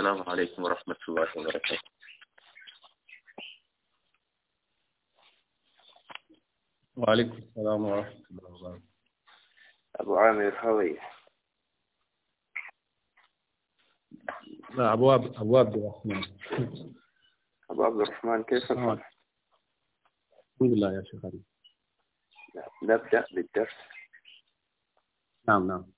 السلام عليكم ورحمة الله وبركاته وعليكم السلام ورحمة الله وبركاته أبو عامر هوي لا أبو عبد أبو عبد الرحمن أبو عبد الرحمن كيف الحال؟ الحمد لله يا شيخ علي نبدأ بالدرس نعم نعم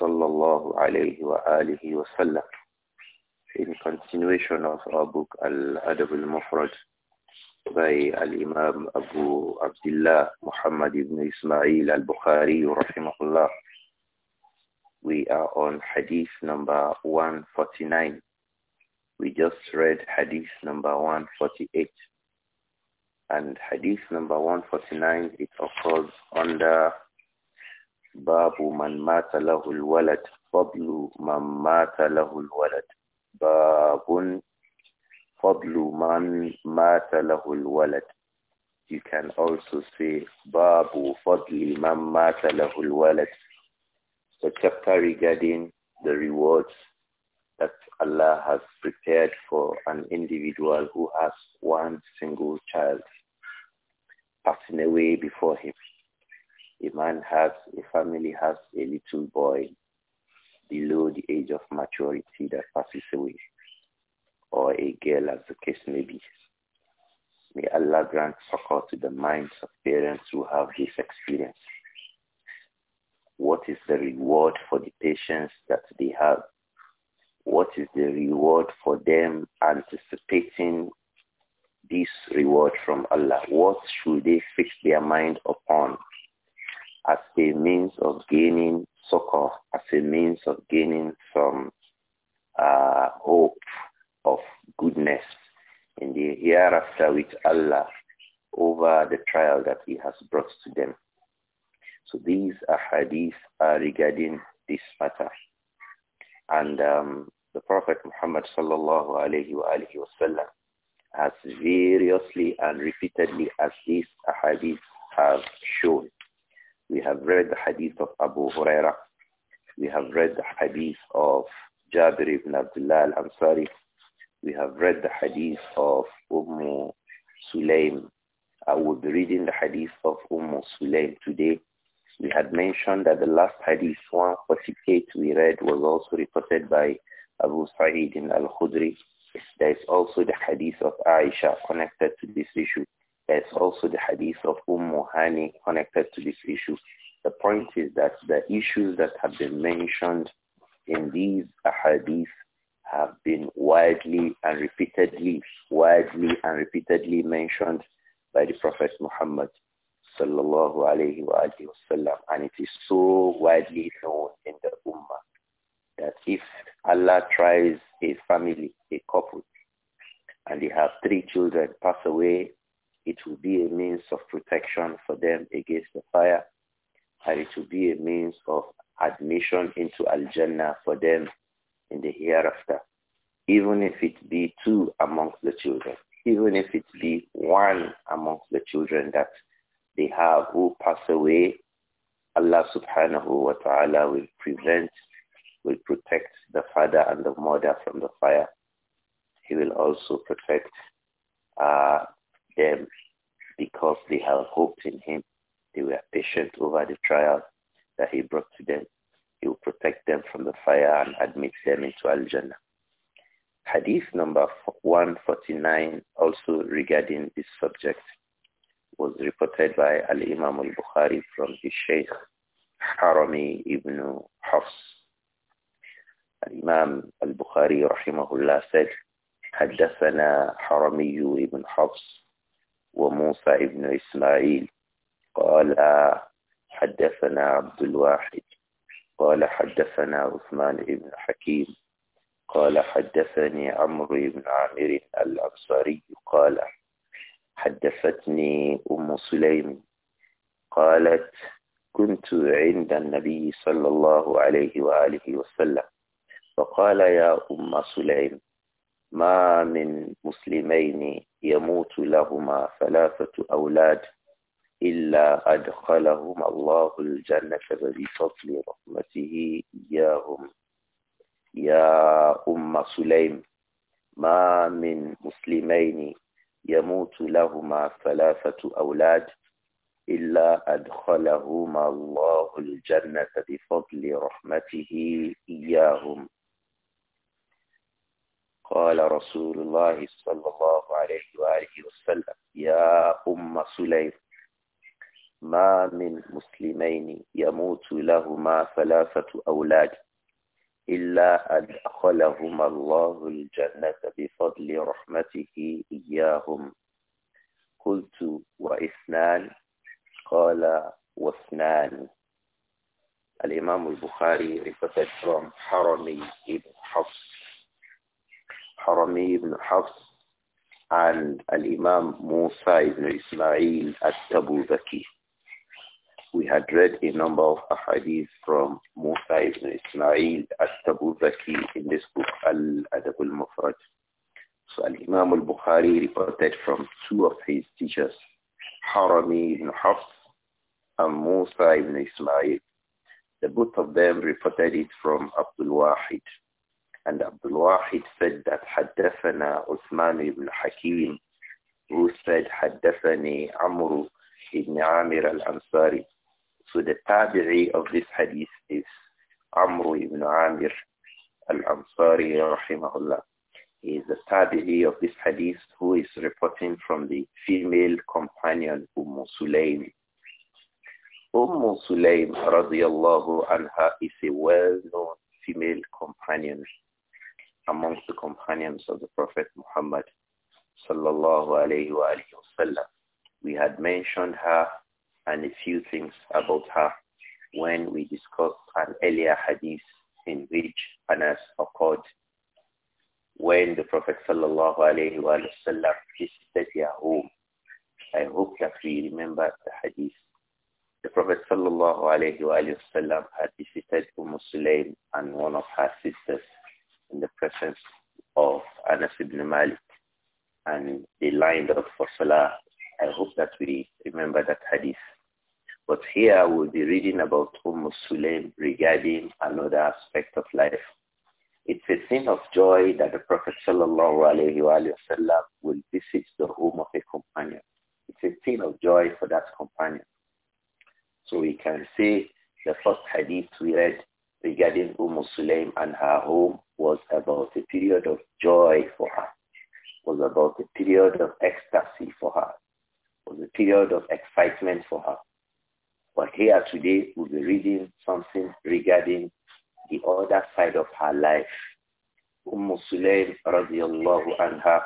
sallallahu alayhi wa alihi wa sallam. In continuation of our book Al-Adab al-Mufrad by Al-Imam Abu Abdullah Muhammad ibn Ismail al-Bukhari rahimahullah. We are on hadith number 149. We just read hadith number 148 and hadith number 149 it occurs under Babu man mata lahul walad. Fadlu man mata lahul walad. Babun Fadlu man mata lahul walad. You can also say Babu Fadli man mata lahul walad. The chapter regarding the rewards that Allah has prepared for an individual who has one single child passing away before him a man has, a family has a little boy below the age of maturity that passes away, or a girl as the case may be. May Allah grant succor to the minds of parents who have this experience. What is the reward for the patience that they have? What is the reward for them anticipating this reward from Allah? What should they fix their mind upon? as a means of gaining succor, as a means of gaining some uh, hope of goodness in the hereafter with Allah over the trial that he has brought to them. So these hadiths are uh, regarding this matter. And um, the Prophet Muhammad sallallahu alayhi wa alayhi wasallam has variously and repeatedly as these hadiths have shown we have read the hadith of Abu Huraira. We have read the hadith of Jabir ibn Abdullah al-Ansari. We have read the hadith of Umm Sulaim. I will be reading the hadith of Umm Sulaim today. We had mentioned that the last hadith 148 we read was also reported by Abu Sa'id al-Khudri. There is also the hadith of Aisha connected to this issue. There's also the hadith of Umm Hani connected to this issue. The point is that the issues that have been mentioned in these hadiths have been widely and repeatedly, widely and repeatedly mentioned by the Prophet Muhammad sallallahu alayhi wa sallam. And it is so widely known in the Ummah that if Allah tries a family, a couple, and they have three children pass away it will be a means of protection for them against the fire, and it will be a means of admission into Al-Jannah for them in the hereafter, even if it be two amongst the children, even if it be one amongst the children that they have who pass away, Allah subhanahu wa ta'ala will prevent, will protect the father and the mother from the fire. He will also protect uh, them because they have hoped in him. They were patient over the trials that he brought to them. He will protect them from the fire and admit them into Al-Jannah. Hadith number 149 also regarding this subject was reported by Al-Imam al-Bukhari from his Sheikh Harami ibn Hafs. imam al-Bukhari rahimahullah said, حدثنا حرمي ibn Hafs وموسى ابن إسماعيل قال حدثنا عبد الواحد قال حدثنا عثمان ابن حكيم قال حدثني عمرو بن عامر الأنصاري قال حدثتني أم سليم قالت كنت عند النبي صلى الله عليه وآله وسلم فقال يا أم سليم ما من مسلمين يموت لهما ثلاثة أولاد إلا أدخلهم الله الجنة بفضل رحمته إياهم يا أم سليم ما من مسلمين يموت لهما ثلاثة أولاد إلا أدخلهما الله الجنة بفضل رحمته إياهم قال رسول الله صلى الله عليه وآله وسلم يا أم سليم ما من مسلمين يموت لهما ثلاثة أولاد إلا أدخلهما الله الجنة بفضل رحمته إياهم قلت وإثنان قال واثنان الإمام البخاري reported from حرمي ابن Hafs Harami ibn Hafs and Al-Imam Musa ibn Ismail at-Tabuzaki. We had read a number of ahadith from Musa ibn Ismail at-Tabuzaki in this book, Al-Adab al-Mufrad. So Al-Imam al-Bukhari reported from two of his teachers, Harami ibn Hafs and Musa ibn Ismail. The both of them reported it from Abdul Wahid, عن عبد الواحد سد حدثنا عثمان Uthman ibn Hakim, who said بن عامر ibn Amir al-Ansari. So the tabi'i of this hadith is عمرو ibn Amir al-Ansari الله He is the tabi'i of this hadith who is reporting from the female companion Umm Sulaym. Umm Sulaym radiallahu anha is a well-known female companion amongst the companions of the Prophet Muhammad sallallahu alayhi wa sallam. We had mentioned her and a few things about her when we discussed an earlier hadith in which Anas occurred when the Prophet sallallahu alayhi wa sallam visited their home. I hope that we remember the hadith. The Prophet sallallahu alayhi wa sallam had visited Umm Sulaim and one of her sisters in the presence of Anas ibn Malik and they lined up for Salah. I hope that we remember that hadith. But here we'll be reading about Umm Sulaim regarding another aspect of life. It's a thing of joy that the Prophet wasallam wa will visit the home of a companion. It's a thing of joy for that companion. So we can say the first hadith we read regarding Umm Sulaim and her home was about a period of joy for her, was about a period of ecstasy for her, was a period of excitement for her. But here today we'll be reading something regarding the other side of her life. Umm Sulaim radiallahu anha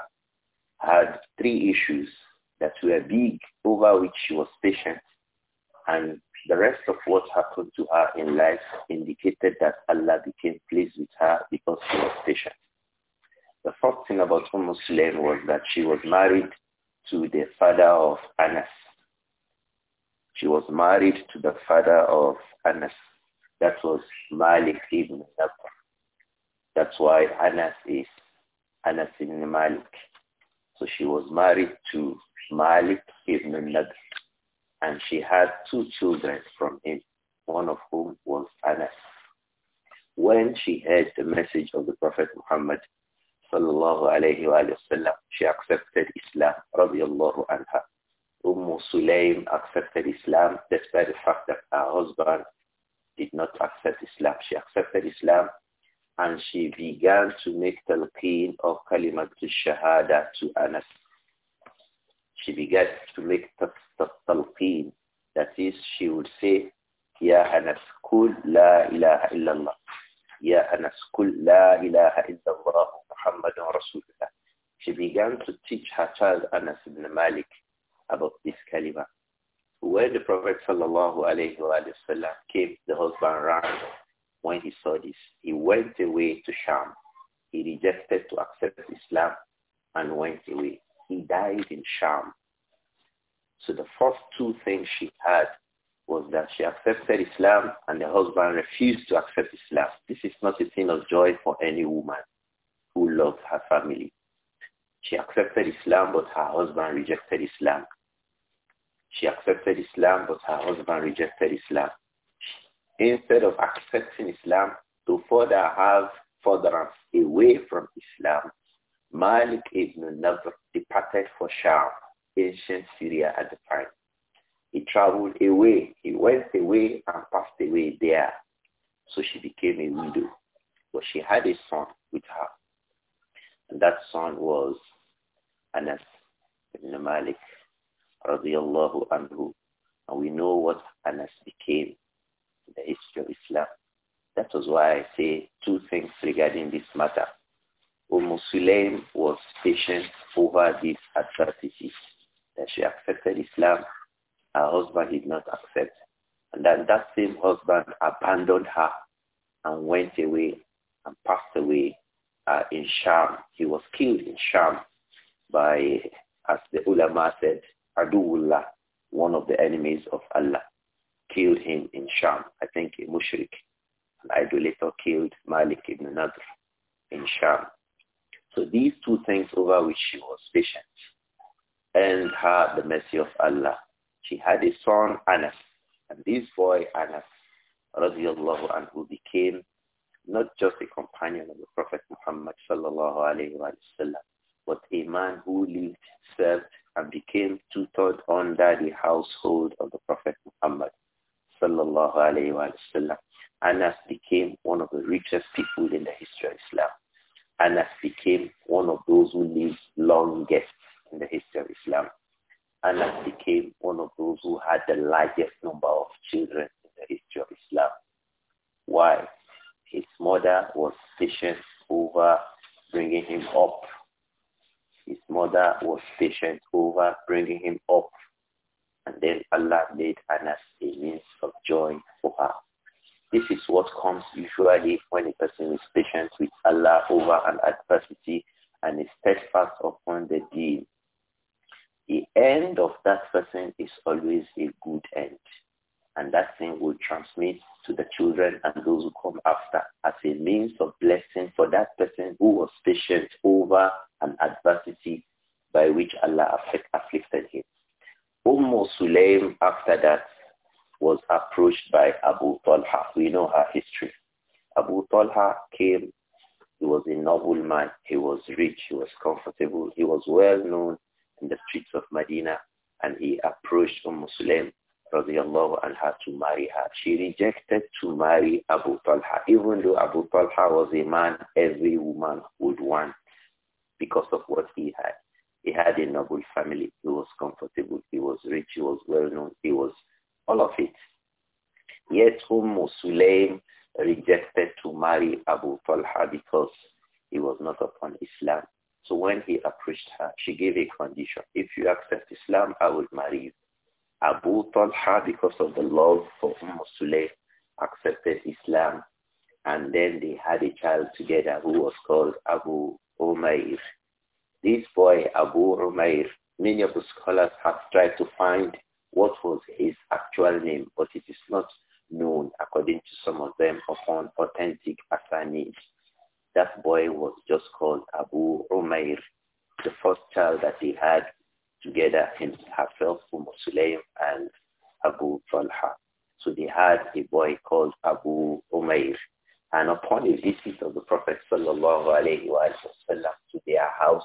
had three issues that were big over which she was patient and the rest of what happened to her in life indicated that Allah became pleased with her because she was patient. The first thing about Umm Sulaim was that she was married to the father of Anas. She was married to the father of Anas. That was Malik ibn Nabr. That's why Anas is Anas ibn Malik. So she was married to Malik ibn Nadr and she had two children from him, one of whom was Anas. When she heard the message of the Prophet Muhammad, sallallahu alaihi wasallam, she accepted Islam, radiallahu anha. Umm Sulaim accepted Islam despite the fact that her husband did not accept Islam. She accepted Islam and she began to make talqeen of kalimat shahada to Anas she began to make talqeen. That is, she would say, Ya Anas, kul la ilaha illallah. Ya Anas, kul la ilaha illallah Muhammadun Rasulullah. She began to teach her child Anas ibn Malik about this kalima. When the Prophet sallallahu alayhi wa sallam came, the husband ran. When he saw this, he went away to Sham. He rejected to accept Islam and went away. He died in Sham. So the first two things she had was that she accepted Islam and the husband refused to accept Islam. This is not a thing of joy for any woman who loves her family. She accepted Islam but her husband rejected Islam. She accepted Islam but her husband rejected Islam. Instead of accepting Islam, to further have furtherance away from Islam, Malik ibn Nadr departed for Sham, ancient Syria at the time. He traveled away. He went away and passed away there. So she became a widow. But she had a son with her. And that son was Anas ibn Malik radiallahu anhu. And we know what Anas became in the history of Islam. That was why I say two things regarding this matter. Umm was patient over this adversity. That she accepted Islam, her husband did not accept. And then that same husband abandoned her and went away and passed away uh, in Sham. He was killed in Sham by, as the ulama said, Aduullah, one of the enemies of Allah, killed him in Sham. I think a mushrik, an idolater, killed Malik ibn Nadr in Sham. So these two things over which she was patient and had the mercy of Allah. She had a son, Anas. And this boy, Anas, radiallahu anhu, became not just a companion of the Prophet Muhammad sallallahu alayhi wa sallam, but a man who lived, served, and became tutored under the household of the Prophet Muhammad sallallahu alayhi wa sallam. Anas became one of the richest people in the history of Islam. Anas became one of those who lived longest in the history of Islam. Anas became one of those who had the largest number of children in the history of Islam. Why? His mother was patient over bringing him up. His mother was patient over bringing him up. And then Allah made Anas a means of joy for her. This is what comes usually when a person is patient with Allah over an adversity and is steadfast upon the deed. The end of that person is always a good end. And that thing will transmit to the children and those who come after as a means of blessing for that person who was patient over an adversity by which Allah afflicted him. Umm Sulaim after that was approached by Abu Talha. We know her history. Abu Talha came. He was a noble man. He was rich. He was comfortable. He was well known in the streets of Medina. And he approached Umm Sulaim radiallahu anha to marry her. She rejected to marry Abu Talha, even though Abu Talha was a man every woman would want because of what he had. He had a noble family. He was comfortable. He was rich. He was well known. He was all of it. Yet whom Sulaim rejected to marry Abu Talha because he was not upon Islam. So when he approached her, she gave a condition. If you accept Islam, I will marry you. Abu Talha, because of the love for Umm accepted Islam. And then they had a child together who was called Abu Umair. This boy, Abu Umair, many of the scholars have tried to find what was his actual name, but it is not known according to some of them upon authentic assignments. That boy was just called Abu Umair, the first child that they had together himself, Umm Sulaim and Abu Talha. So they had a boy called Abu Umair. And upon a visit of the Prophet sallallahu alayhi wa sallam to their house,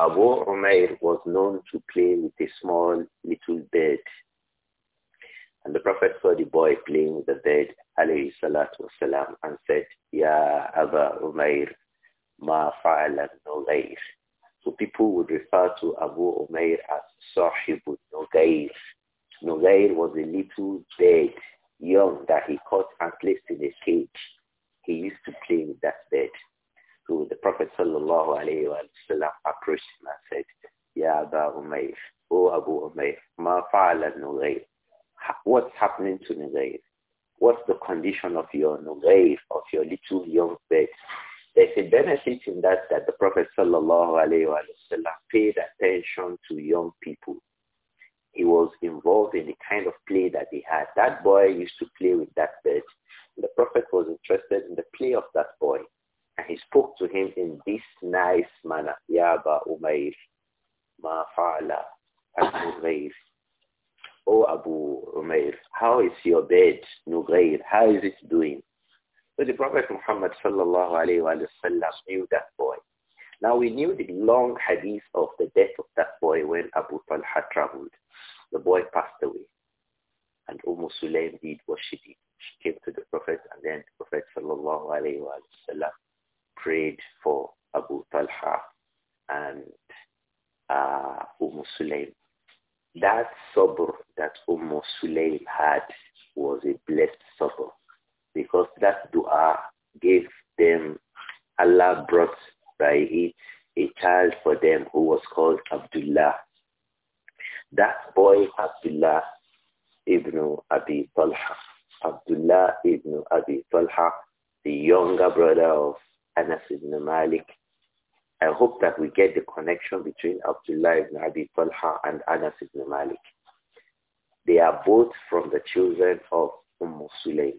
Abu Umair was known to play with a small little bird. And the Prophet saw the boy playing with the bird, alayhi salatu wasalam, and said, Ya Abu Umair, ma fa'ala Nugair. So people would refer to Abu Umair as Sahibun Nugair. Nugair was a little bird, young, that he caught and placed in a cage. He used to play with that bird. So the Prophet sallallahu alayhi wa approached him and said, Ya Abu Umayr, O Abu Umayr, ma fa'ala Nugayr? What's happening to Nugayr? What's the condition of your Nugayr, of your little young bird? There's a benefit in that that the Prophet sallallahu alayhi wa paid attention to young people. He was involved in the kind of play that he had. That boy used to play with that bird. The Prophet was interested in the play of that boy. And he spoke to him in this nice manner. Yaba Umayr, ma fa'ala al-Nughayr. Oh Abu Umayr, how is your bed, Nughayr? How is it doing? So the Prophet Muhammad sallallahu alayhi wa sallam knew that boy. Now we knew the long hadith of the death of that boy when Abu Talha traveled. The boy passed away. And Umm Sulaim did what she did. She came to the Prophet and then the Prophet sallallahu alayhi wa sallam prayed for Abu Talha and uh, Umm Sulaim. That sabr that Umm Sulaim had was a blessed sabr because that dua gave them, Allah brought by it a child for them who was called Abdullah. That boy, Abdullah ibn Abi Talha, Abdullah ibn Abi Talha, the younger brother of Anas ibn Malik. I hope that we get the connection between Abdullah ibn Abi Talha and Anas ibn Malik. They are both from the children of Umm Sulaim.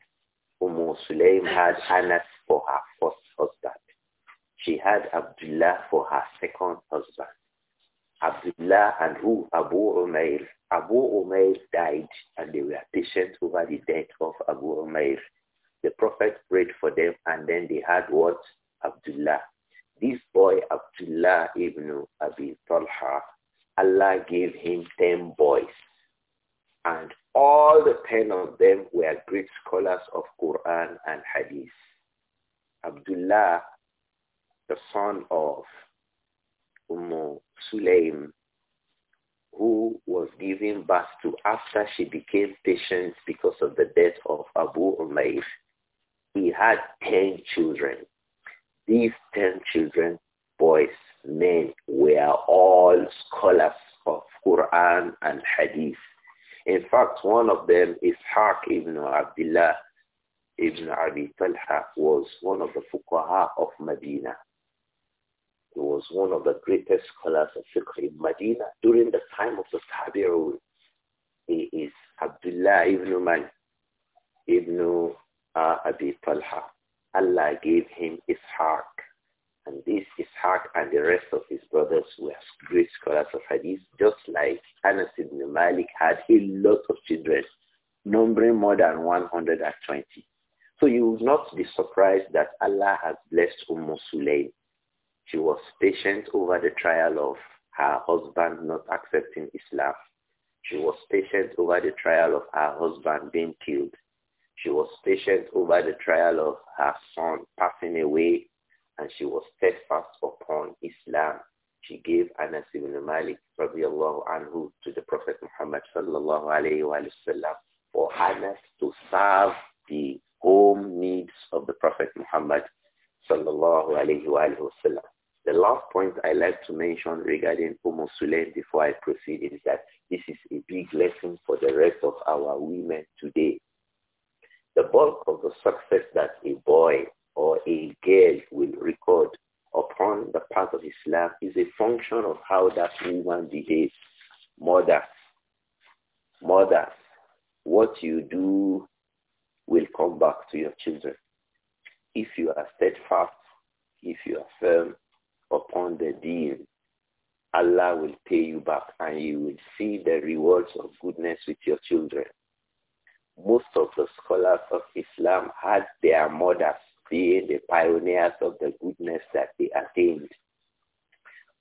Umm Sulaim had Anas for her first husband. She had Abdullah for her second husband. Abdullah and who? Abu Umair. Abu Umair died and they were patient over the death of Abu Umair. The Prophet prayed for them and then they had what? Abdullah. This boy, Abdullah ibn Abi Talha, Allah gave him 10 boys. And all the 10 of them were great scholars of Quran and Hadith. Abdullah, the son of Umm Sulaim, who was given birth to after she became patient because of the death of Abu Umayr. He had 10 children. These ten children, boys, men, were all scholars of Quran and Hadith. In fact, one of them, Ishaq ibn Abdullah ibn Abi Talha, was one of the fuqaha of Medina. He was one of the greatest scholars of fiqh in Medina during the time of the Tabi'un. He is Abdullah ibn Man ibn uh, Abi Talha. Allah gave him Ishaq. And this Ishaq and the rest of his brothers were great scholars of hadith, just like Anas ibn Malik had a lot of children, numbering more than 120. So you will not be surprised that Allah has blessed Umm Sulaim. She was patient over the trial of her husband not accepting Islam. She was patient over the trial of her husband being killed. She was patient over the trial of her son passing away and she was steadfast upon Islam. She gave Anas ibn Malik radiallahu anhu to the Prophet Muhammad sallallahu alayhi wa sallam for Anas to serve the home needs of the Prophet Muhammad sallallahu alayhi wa sallam. The last point I like to mention regarding Umm Sulaim before I proceed is that this is a big lesson for the rest of our women today. The bulk of the success that a boy or a girl will record upon the path of Islam is a function of how that woman behaves. mother. Mother, what you do will come back to your children. If you are steadfast, if you are firm upon the deen, Allah will pay you back and you will see the rewards of goodness with your children most of the scholars of Islam had their mothers being the pioneers of the goodness that they attained.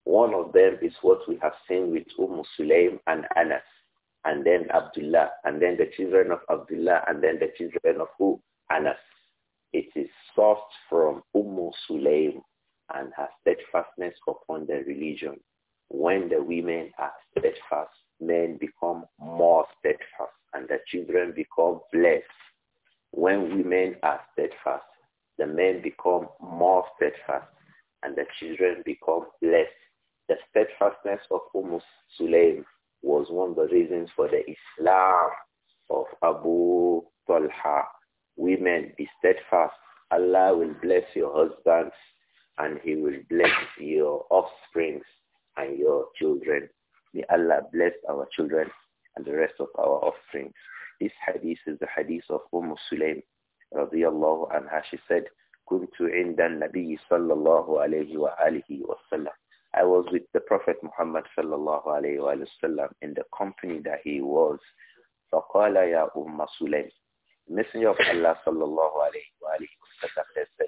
One of them is what we have seen with Umm Sulaim and Anas, and then Abdullah, and then the children of Abdullah, and then the children of who? Anas. It is sourced from Umm Sulaim and her steadfastness upon the religion. When the women are steadfast, men become more steadfast and the children become blessed. When women are steadfast, the men become more steadfast and the children become blessed. The steadfastness of Umm Sulaim was one of the reasons for the Islam of Abu Talha. Women, be steadfast. Allah will bless your husbands and he will bless your offsprings and your children. May Allah bless our children and the rest of our offspring. This hadith is the hadith of Umm Sulaim radiyallahu anha. She said, كنت عند النبي صلى الله عليه وآله وسلم. I was with the Prophet Muhammad صلى الله عليه وآله وسلم in the company that he was. فقال يا أم سليم Messenger of Allah صلى الله عليه وآله وسلم said,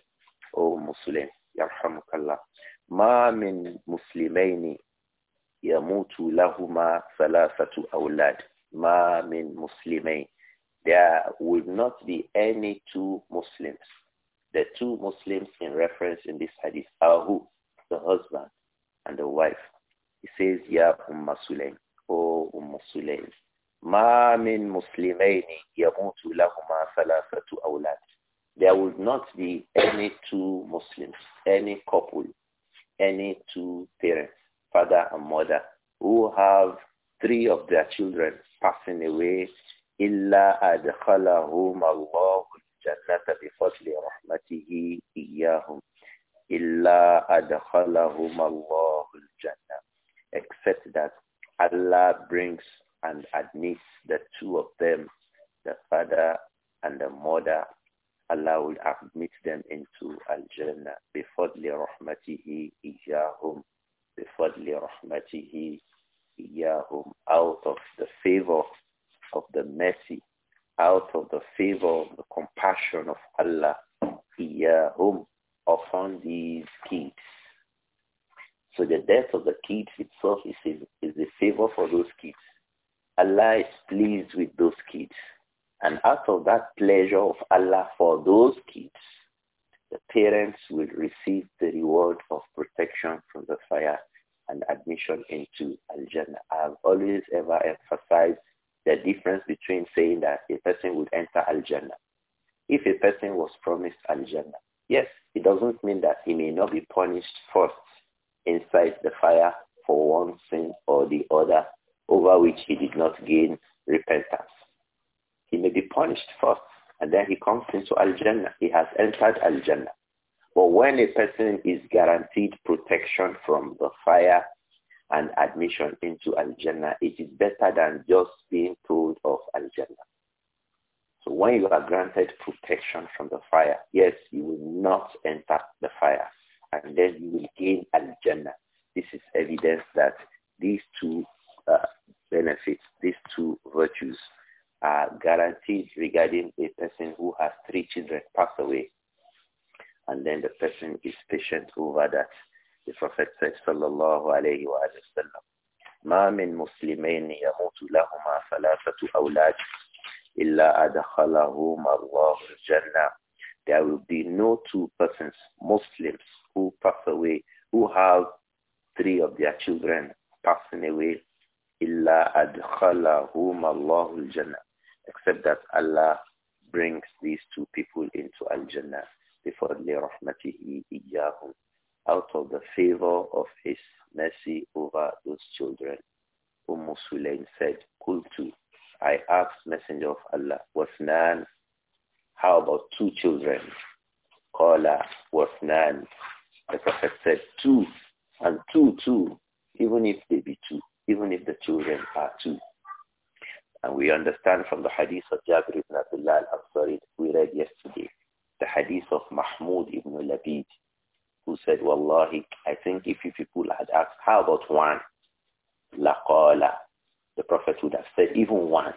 O Muslim, يرحمك الله ما من مسلمين يَمُوتُ لَهُمَا ثَلَاثَةُ أَوْلَادٍ مَا مِنْ مُسْلِمَيْنِ There would not be any two Muslims. The two Muslims in reference in this hadith are who? The husband and the wife. He says, Ya Umm Sulaim, O Umm Sulaim, Ma min muslimain yamutu lahuma thalathatu aulad." There would not be any two Muslims, any couple, any two parents, father and mother, who have three of their children passing away, إِلَّا أَدْخَلَهُمَ اللَّهُ الْجَنَّةَ بِفَضْلِ رَحْمَتِهِ إِيَّاهُمْ إِلَّا أَدْخَلَهُمَ اللَّهُ الْجَنَّةَ Except that Allah brings and admits the two of them, the father and the mother, Allah will admit them into Al-Jannah bi-fadli rahmatihi رَحْمَتِهِ Bi-fadli rahmatihi. Yahum out of the favor of the mercy, out of the favor of the compassion of Allah iyahum upon these kids. So the death of the kids itself is a, is a favor for those kids. Allah is pleased with those kids. And out of that pleasure of Allah for those kids, the parents will receive the reward of protection from the fire and admission into Al-Jannah. I've always ever emphasized the difference between saying that a person would enter Al-Jannah. If a person was promised Al-Jannah, yes, it doesn't mean that he may not be punished first inside the fire for one sin or the other over which he did not gain repentance. He may be punished first and then he comes into Al-Jannah. He has entered Al-Jannah. But when a person is guaranteed protection from the fire and admission into Al-Jannah, it is better than just being told of Al-Jannah. So when you are granted protection from the fire, yes, you will not enter the fire, and then you will gain Al-Jannah. This is evidence that these two uh, benefits, these two virtues are guaranteed regarding a person who has three children pass away and then the person is patient over that. The Prophet said, sallallahu alayhi wa sallam, ما من مسلمين يموت لهما ثلاثة أولاد إلا أدخلهما الله الجنة. There will be no two persons, Muslims, who pass away, who have three of their children passing away, إلا أدخلهما الله الجنة. Except that Allah brings these two people into Al-Jannah. بِفَضْلِ رَحْمَتِهِ إِيَّاهُمْ Out of the favor of his mercy over those children. Umm Sulaim said, Kultu, I asked Messenger of Allah, Nan?" how about two children? Qala, Wasnan. The Prophet said, two, and two, two, even if they be two, even if the children are two. And we understand from the hadith of Jabir ibn Abdullah al sorry, we read yesterday the hadith of Mahmoud ibn Labid, who said, Wallahi, I think if you people had asked, how about one? Laqala. The Prophet would have said, even one.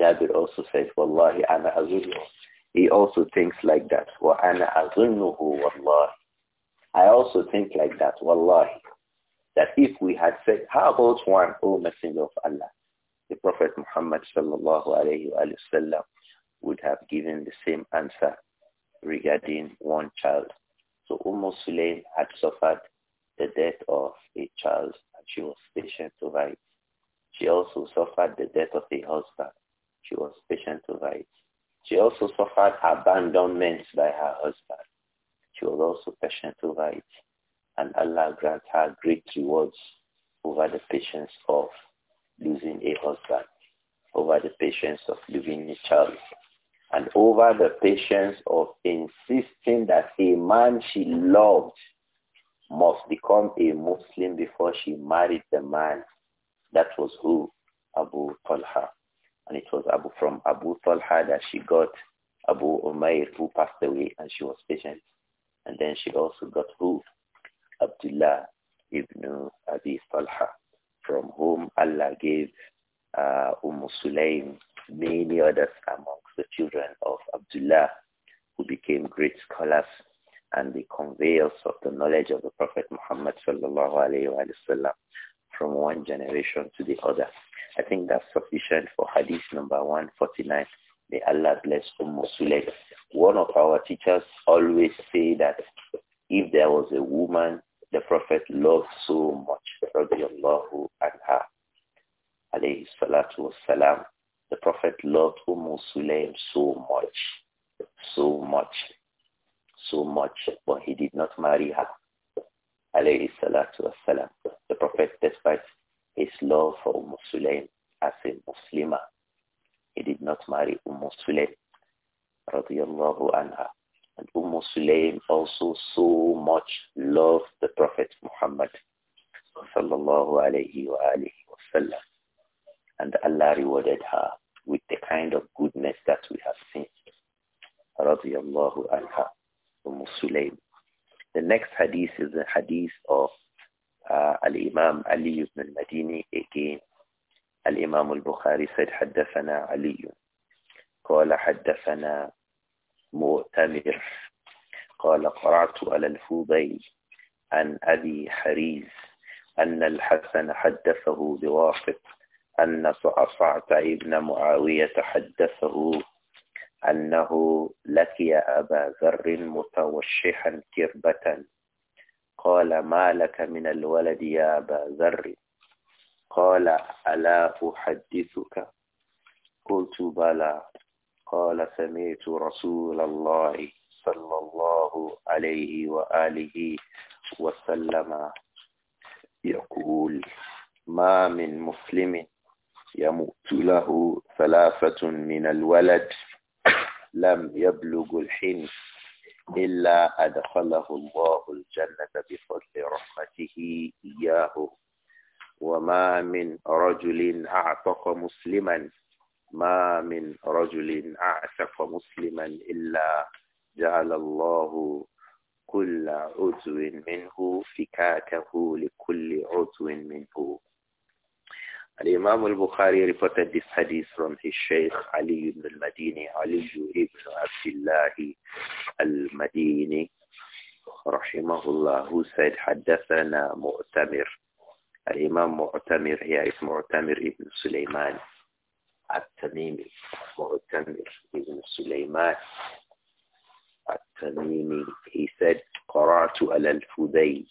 Jabir also said, Wallahi, ana azunnu. He also thinks like that. Wa ana azunnuhu, wallahi. I also think like that, wallahi. That if we had said, how about one, O Messenger of Allah? The Prophet Muhammad sallallahu alayhi wa sallam would have given the same answer regarding one child. So Umm Sulaim had suffered the death of a child and she was patient to write. She also suffered the death of a husband. She was patient to write. She also suffered abandonment by her husband. She was also patient to write. And Allah grant her great rewards over the patience of losing a husband, over the patience of losing a child, and over the patience of insisting that a man she loved must become a Muslim before she married the man. That was who? Abu Talha. And it was Abu, from Abu Talha that she got Abu Umair who passed away and she was patient. And then she also got who? Abdullah ibn Abi Talha from whom Allah gave uh, Umm Sulaim many others amongst the children of Abdullah who became great scholars and the conveyors of the knowledge of the Prophet Muhammad sallallahu from one generation to the other. I think that's sufficient for hadith number 149. May Allah bless Ummu Sulek. One of our teachers always say that if there was a woman the Prophet loved so much, radiallahu anha, alayhi salatu wassalam, the Prophet loved Umm Sulaim so much, so much, so much, but he did not marry her. Alayhi salatu wasalam. The Prophet, despite his love for Umm Sulaim as a Muslima, he did not marry Umm Sulaim. Radiallahu anha. And Umm Sulaim also so much loved the Prophet Muhammad sallallahu alayhi wa alihi wasallam. And Allah rewarded her with the kind of goodness that we have seen. Radiallahu anha, Umm The next hadith is the hadith of uh, Al-Imam Ali ibn al-Madini again. Al-Imam al-Bukhari said, حدثنا علي قال حدثنا مؤتمر قال قرأت على الفضيل عن أبي حريز أن الحسن حدثه بواسط أن صعصعة ابن معاوية حدثه أنه لكي أبا ذر متوشحا كربة قال ما لك من الولد يا أبا ذر قال ألا أحدثك قلت بلى قال سمعت رسول الله صلى الله عليه وآله وسلم يقول ما من مسلم يموت له ثلاثة من الولد لم يبلغ الحين إلا أدخله الله الجنة بفضل رحمته إياه وما من رجل أعتق مسلما ما من رجل أعتق مسلما إلا جعل الله كل عضو منه فكاكه لكل عضو منه Al-Imam al-Bukhari reported this hadith from his Shaykh Ali ibn al-Madini, Ali ibn Abdullah al-Madini, rahimahullah, who said, حدثنا مؤتمر. Al-Imam Mu'tamir here is Mu'tamir ibn Sulaiman. At-Tamimi, Mu'tamir ibn Sulaiman. At-Tamimi, he said, قرأت على الفديل.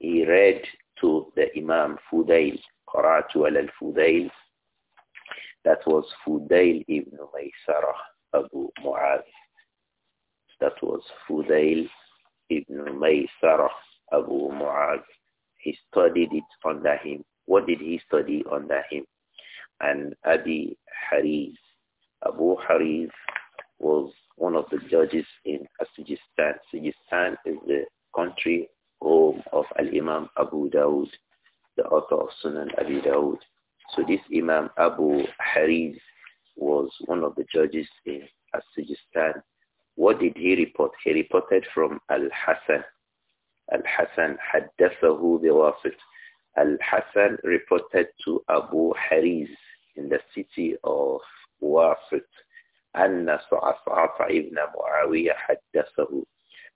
He read to the Imam Fudail قرأت على That was Fudail ibn Maysarah Abu Mu'adh. That was Fudail ibn Maysarah Abu Mu'adh. He studied it under him. What did he study under him? And Abi Hariz. Abu Hariz was one of the judges in Sijistan. Sijistan is the country home of Al-Imam Abu Dawud the author of Sunan Abi Dawud. So this Imam Abu Hariz was one of the judges in As-Sijistan. What did he report? He reported from Al-Hasan. Al-Hasan haddathahu biwafit. Al-Hasan reported to Abu Hariz in the city of Wafit. أن صعصعة ابن معاوية حدثه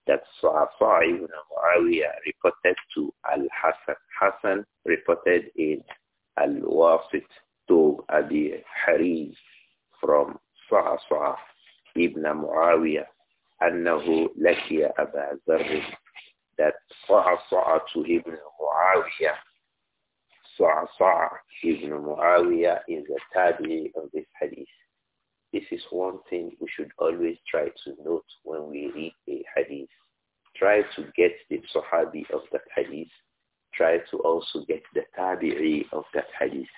that Sa'afa ibn Muawiyah reported to Al-Hassan. Hassan reported in Al-Wasit to Abi Hariz from Sa'afa ibn Muawiyah أنه لكي أبا ذر that Sa'afa ibn Muawiyah Sa'afa ibn Muawiyah is a tabi of this hadith. This is one thing we should always try to note when we read a hadith. Try to get the Sahabi of that hadith. Try to also get the Tabi'i of that hadith.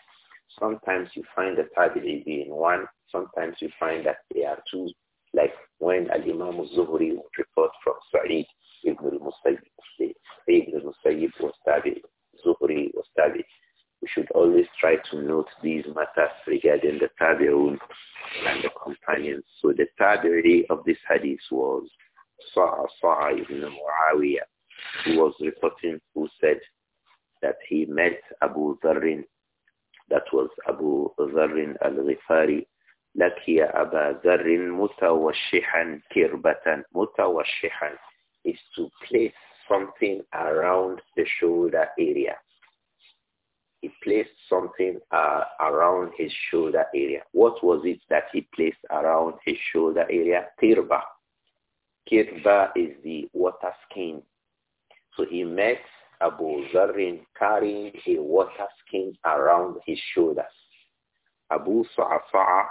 Sometimes you find the Tabi'i being one. Sometimes you find that they are two. Like when Al-Imam zuhri would report from Sa'id ibn musayyib Sa'id ibn al-Musayyib was Tabi'i. Zuhri was Tabi'i we should always try to note these matters regarding the tabi'un and the companions. So the tabi'i of this hadith was Sa'a Sa'a ibn Muawiyah, who was reporting, who said that he met Abu Dharrin, that was Abu Dharrin al-Ghifari, لقي أبا ذر متوشحا كربة متوشحا is to place something around the shoulder area he placed something uh, around his shoulder area. What was it that he placed around his shoulder area? Kirba. Kirba is the water skin. So he met Abu Zarrin carrying a water skin around his shoulders. Abu Sa'afa'a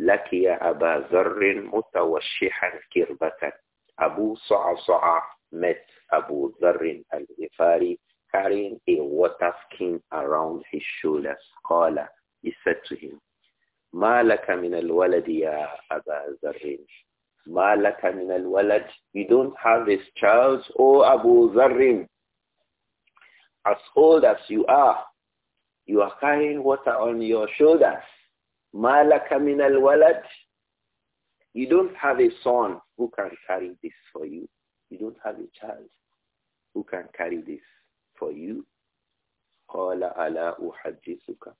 lakiya Abu Zarrin mutawashihan kirbatan. Abu Sa'afa'a met Abu Zarrin al-Ghifari carrying a water skin around his shoulders. Qala, he said to him, مَا لَكَ مِنَ الْوَلَدِ يَا أَبَا ذَرٍ مَا min al walad, You don't have this child, O oh, Abu Zarrin. As old as you are, you are carrying water on your shoulders. مَا min al walad, You don't have a son who can carry this for you. You don't have a child who can carry this for you. Qala ala uhadjisuka.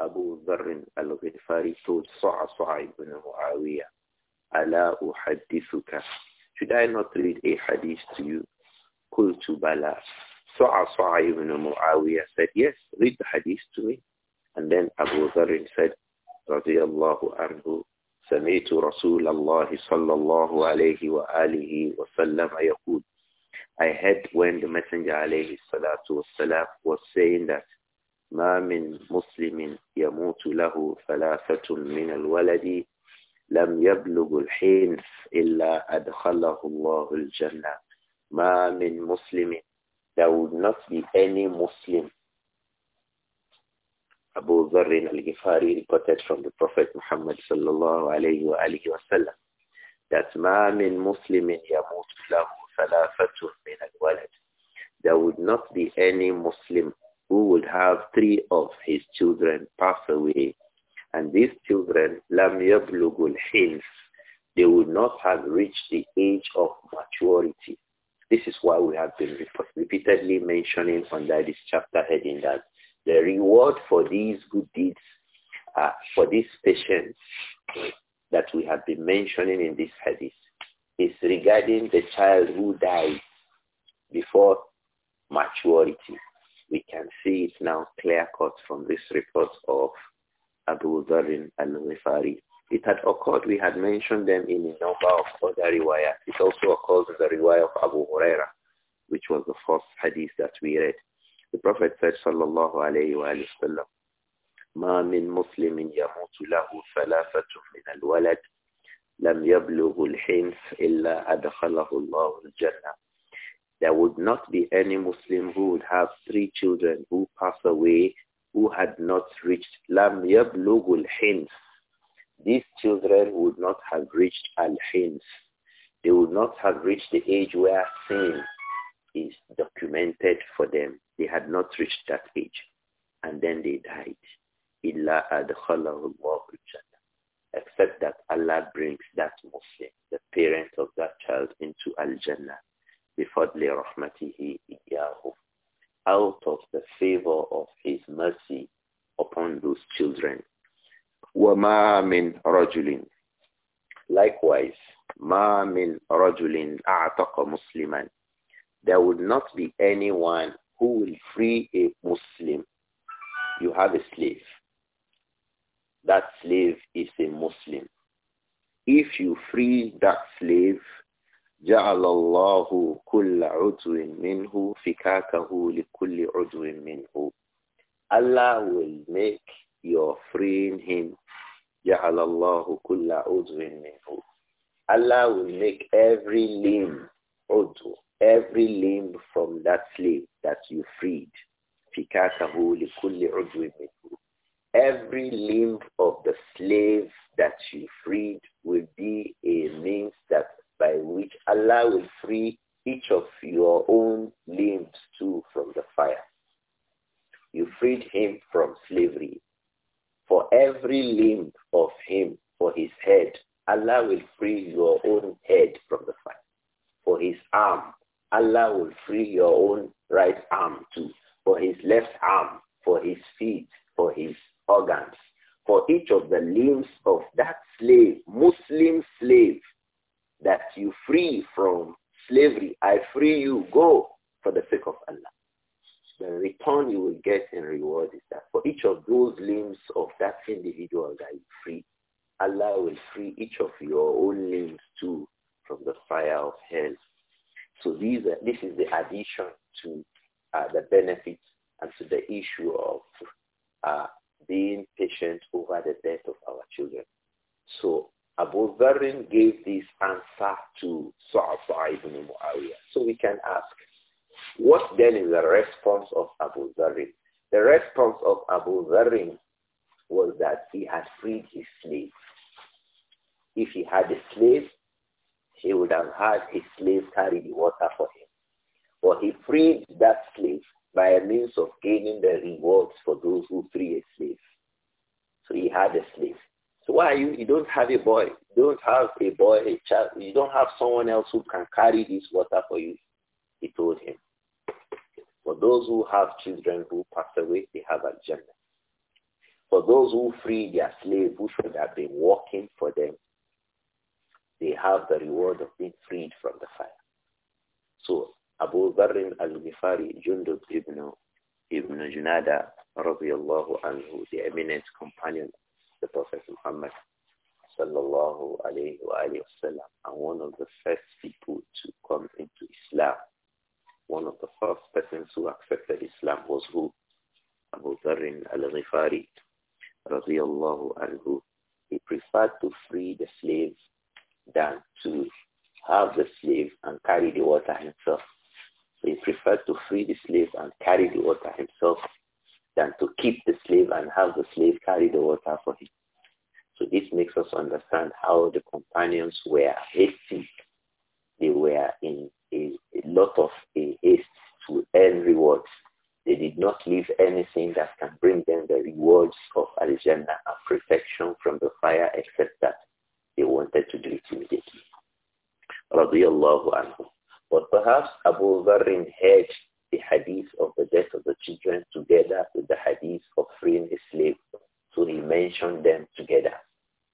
Abu Dharr al-Ghifari told Sa'a Sa'a ibn Muawiyah. Ala uhadjisuka. Should I not read a hadith to you? Qultu bala. Sa'a Sa'a ibn Muawiyah said, yes, read the hadith to me. And then Abu Dharr said, رضي الله عنه سمعت رسول الله صلى الله عليه وآله وسلم يقول I heard when the Messenger alayhi salatu wasalam was saying that ما من مسلم يموت له ثلاثة من الولد لم يبلغ الحنف إلا أدخله الله الجنة ما من مسلم there would not be any Muslim Abu Dharr al-Ghifari reported from the Prophet Muhammad sallallahu alayhi wa alihi wa sallam that ma min muslimin yamut lahu thalathatun There would not be any Muslim who would have three of his children pass away. And these children, lam yablugul hins, they would not have reached the age of maturity. This is why we have been repeatedly mentioning under this chapter heading that the reward for these good deeds, uh, for these patience that we have been mentioning in this hadith, is regarding the child who dies before maturity. We can see it now clear cut from this report of Abu Dharin al-Ghifari. It had occurred, we had mentioned them in a number of other riwayat. It also occurs in the riwayat of Abu Huraira, which was the first hadith that we read. The Prophet said, sallallahu alayhi wa sallam, ما من مسلم يموت له ثلاثة من الولد لم يبلغ الحنف إلا أدخله الله الجنة. There would not be any Muslim who would have three children who pass away who had not reached لم يبلغ الحنف. These children would not have reached al-hinf. They would not have reached the age where sin is documented for them. They had not reached that age. And then they died. إِلَّا أَدْخَلَهُ اللَّهُ الْجَنَّةِ except that Allah brings that Muslim, the parent of that child, into Al-Jannah before رَحْمَتِهِ إِيَّاهُ out of the favor of his mercy upon those children. وَمَا مِنْ رَجُلٍ Likewise, مَا مِنْ رَجُلٍ أَعْتَقَ مُسْلِمًا There would not be anyone who will free a Muslim. You have a slave that slave is a Muslim. If you free that slave, جعل الله كل عُدْوٍ منه فكاكه لكل عُدْوٍ منه. Allah will make your freeing him. جعل الله كل عُدْوٍ منه. Allah will make every limb عُدْوٍ every limb from that slave that you freed. فكاكه لكل عُدْوٍ منه every limb of the slave that you freed will be a means that by which Allah will free each of your own limbs too from the fire. You freed him from slavery. For every limb of him, for his head, Allah will free your own head from the fire. For his arm, Allah will free your own right arm too. For his left arm, the limbs of that slave, Muslim slave, that you free from slavery. I free you. Go for the sake of Allah. The return you will get in reward is that for each of those limbs of that individual that you free, Allah will free each of your own limbs too from the fire of hell. So these are, this is the addition Mubarrin gave this answer to Sa'ba ibn Muawiyah. So we can ask, what then is the response of Abu Dharrin? The response of Abu Dharrin was that he had freed his slave. If he had a slave, he would have had his slave carry the water for him. But he freed that slave by a means of gaining the rewards for those who free a slave. So he had a slave. So why you, you don't have a boy? have a boy, a child. You don't have someone else who can carry this water for you, he told him. For those who have children who pass away, they have a jannah. For those who free their slaves who should have been working for them, they have the reward of being freed from the fire. So Abu Dharr al-Ghifari, Jundub ibn, ibn Junada, radiallahu anhu, the eminent companion, the Prophet Muhammad sallallahu alayhi wa sallam, and one of the first people to come into Islam. One of the first persons who accepted Islam was who? Abu Dharr al-Ghifari radiallahu anhu. He preferred to free the slaves than to have the slave and carry the water himself. So he preferred to free the slave and carry the water himself than to keep the slave and have the slave carry the water for him. So this makes us understand how the companions were hasty. They were in a, a lot of a haste to earn rewards. They did not leave anything that can bring them the rewards of al and protection from the fire except that they wanted to do it immediately. Radiallahu anhu. But perhaps Abu Dharrin heard the hadith of the death of the children together with the hadith of freeing a slave so he mentioned them together.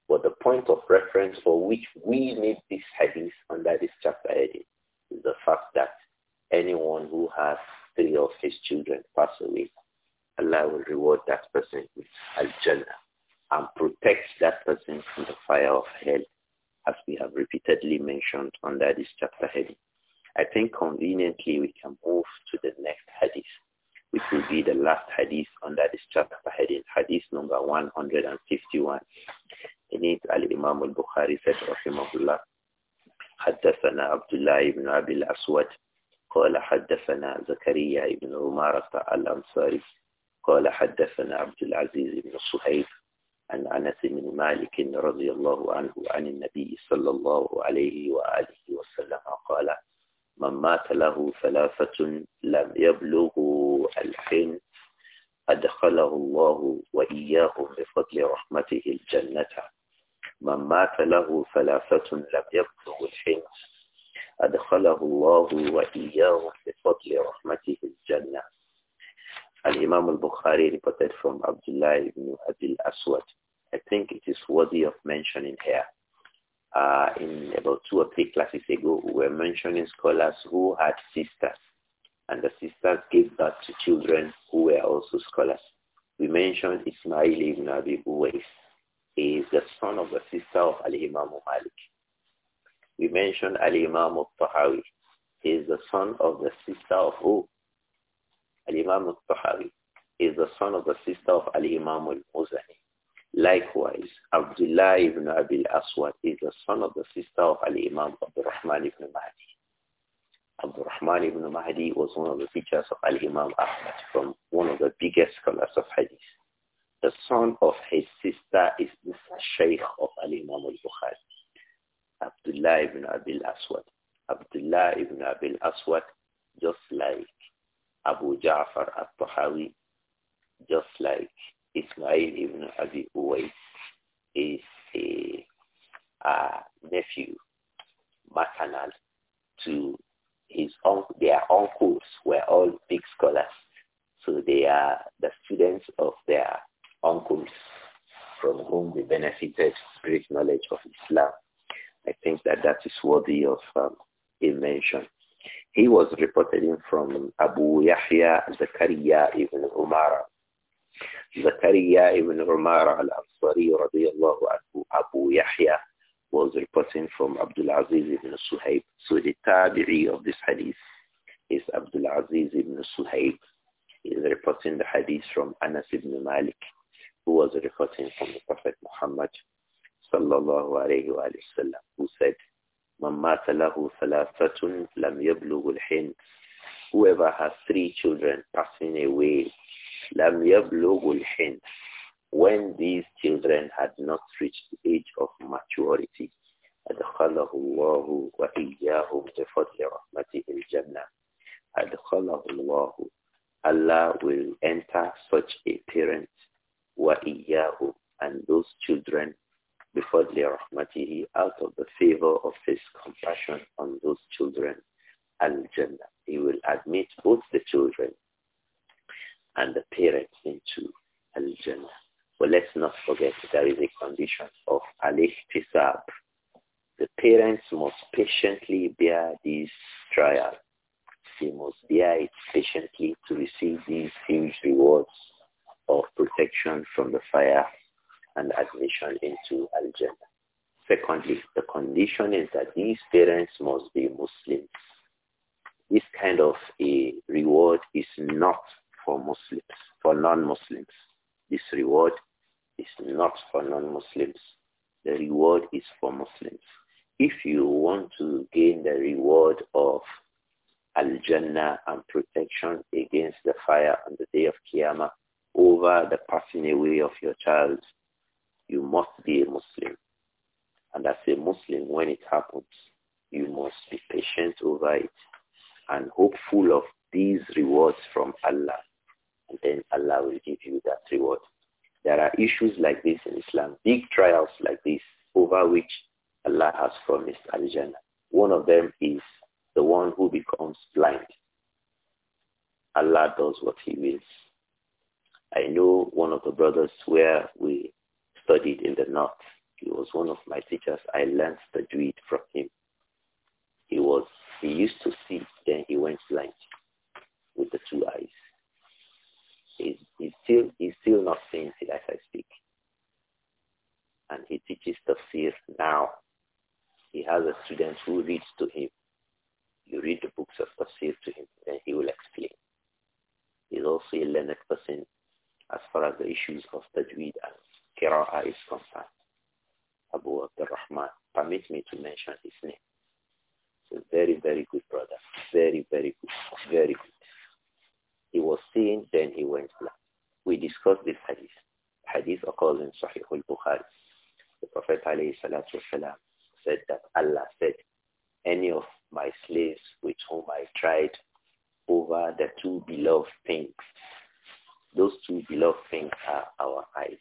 But the point of reference for which we need this hadith under this chapter heading is the fact that anyone who has three of his children pass away, Allah will reward that person with Al-Jannah and protect that person from the fire of hell, as we have repeatedly mentioned under this chapter heading. I think conveniently we can move to the next hadith which will be the last hadith under this chapter heading, hadith number 151. In it, Al-Imam al-Bukhari said, Rahimahullah, حدثنا عبد الله بن أبي الأسود قال حدثنا زكريا بن عمارة الأنصاري قال حدثنا عبد العزيز بن صهيب عن أنس بن مالك رضي الله عنه عن النبي صلى الله عليه وآله وسلم قال من مات له ثلاثة لم يبلغوا الحين أدخله الله وإياه بفضل رحمته الجنة من مات له ثلاثة لم يبلغ الحين أدخله الله وإياه بفضل رحمته الجنة الإمام البخاري reported from Abdullah ibn Abi al-Aswad I think it is worthy of mentioning here uh, in about two or three classes ago we were mentioning scholars who had sisters and the sisters gave birth to children who were also scholars. We mentioned Ismail ibn Abi Uwais. He is the son of the sister of Ali imam Malik. We mentioned Ali imam al-Tahawi. He is the son of the sister of who? Ali imam al-Tahawi. He is the son of the sister of Ali imam al-Muzani. Likewise, Abdullah ibn Abil Aswad is the son of the sister of Ali imam Abdurrahman ibn Mahdi. Abdul Rahman ibn Mahdi was one of the teachers of Al-Imam Ahmad from one of the biggest scholars of Hadith. The son of his sister is the Shaykh of Al-Imam al-Bukhari, Abdullah ibn Abil Aswad. Abdullah ibn Abil Aswad, just like Abu Ja'far al-Tahawi, just like Ismail ibn Abi Uwais, is a, a nephew, maternal to his un their uncles were all big scholars. So they are the students of their uncles from whom they benefited great knowledge of Islam. I think that that is worthy of um, a mention. He was reporting from Abu Yahya Zakaria ibn Umar. Zakaria ibn Umar al-Ansari radiallahu anhu, Abu Yahya was reporting from Abdulaziz ibn Suhaib. So the tabi'i of this hadith is Abdulaziz ibn Suhaib. He is reporting the hadith from Anas ibn Malik, who was reporting from the Prophet Muhammad sallallahu alayhi wa sallam, who said, "Man mata lahu thalathatun lam yablughu al Whoever has three children passing away, lam yablughu al when these children had not reached the age of maturity. أدخله الله وإياهم بفضل رحمته الجنة أدخله الله Allah will enter such a parent وإياهم and those children بفضل رحمته out of the favor of his compassion on those children الجنة He will admit both the children and the parents into الجنة but let's not forget there is a condition of al The parents must patiently bear this trial. They must bear it patiently to receive these huge rewards of protection from the fire and admission into Al-Jannah. Secondly, the condition is that these parents must be Muslims. This kind of a reward is not for Muslims, for non-Muslims. This reward is not for non-Muslims. The reward is for Muslims. If you want to gain the reward of Al-Jannah and protection against the fire on the day of Qiyamah over the passing away of your child, you must be a Muslim. And as a Muslim, when it happens, you must be patient over it and hopeful of these rewards from Allah. And then Allah will give you that reward. There are issues like this in Islam, big trials like this over which Allah has promised Al-Jannah. One of them is the one who becomes blind. Allah does what he wills. I know one of the brothers where we studied in the north. He was one of my teachers. I learned the Jude from him. He was he used to see, then he went blind with the two eyes is still he's still not it as I speak. And he teaches tafsir now. He has a student who reads to him. You read the books of tafsir to him, then he will explain. He's also a learned person as far as the issues of tajweed and Kira'a is concerned. Abu Abdurrahman, permit me to mention his name. He's a very, very good brother. Very, very good. Very good he was seen, then he went black. We discussed this hadith. Hadith occurs in Sahih al-Bukhari. The Prophet said that Allah said, any of my slaves with whom I tried over the two beloved things. Those two beloved things are our eyes.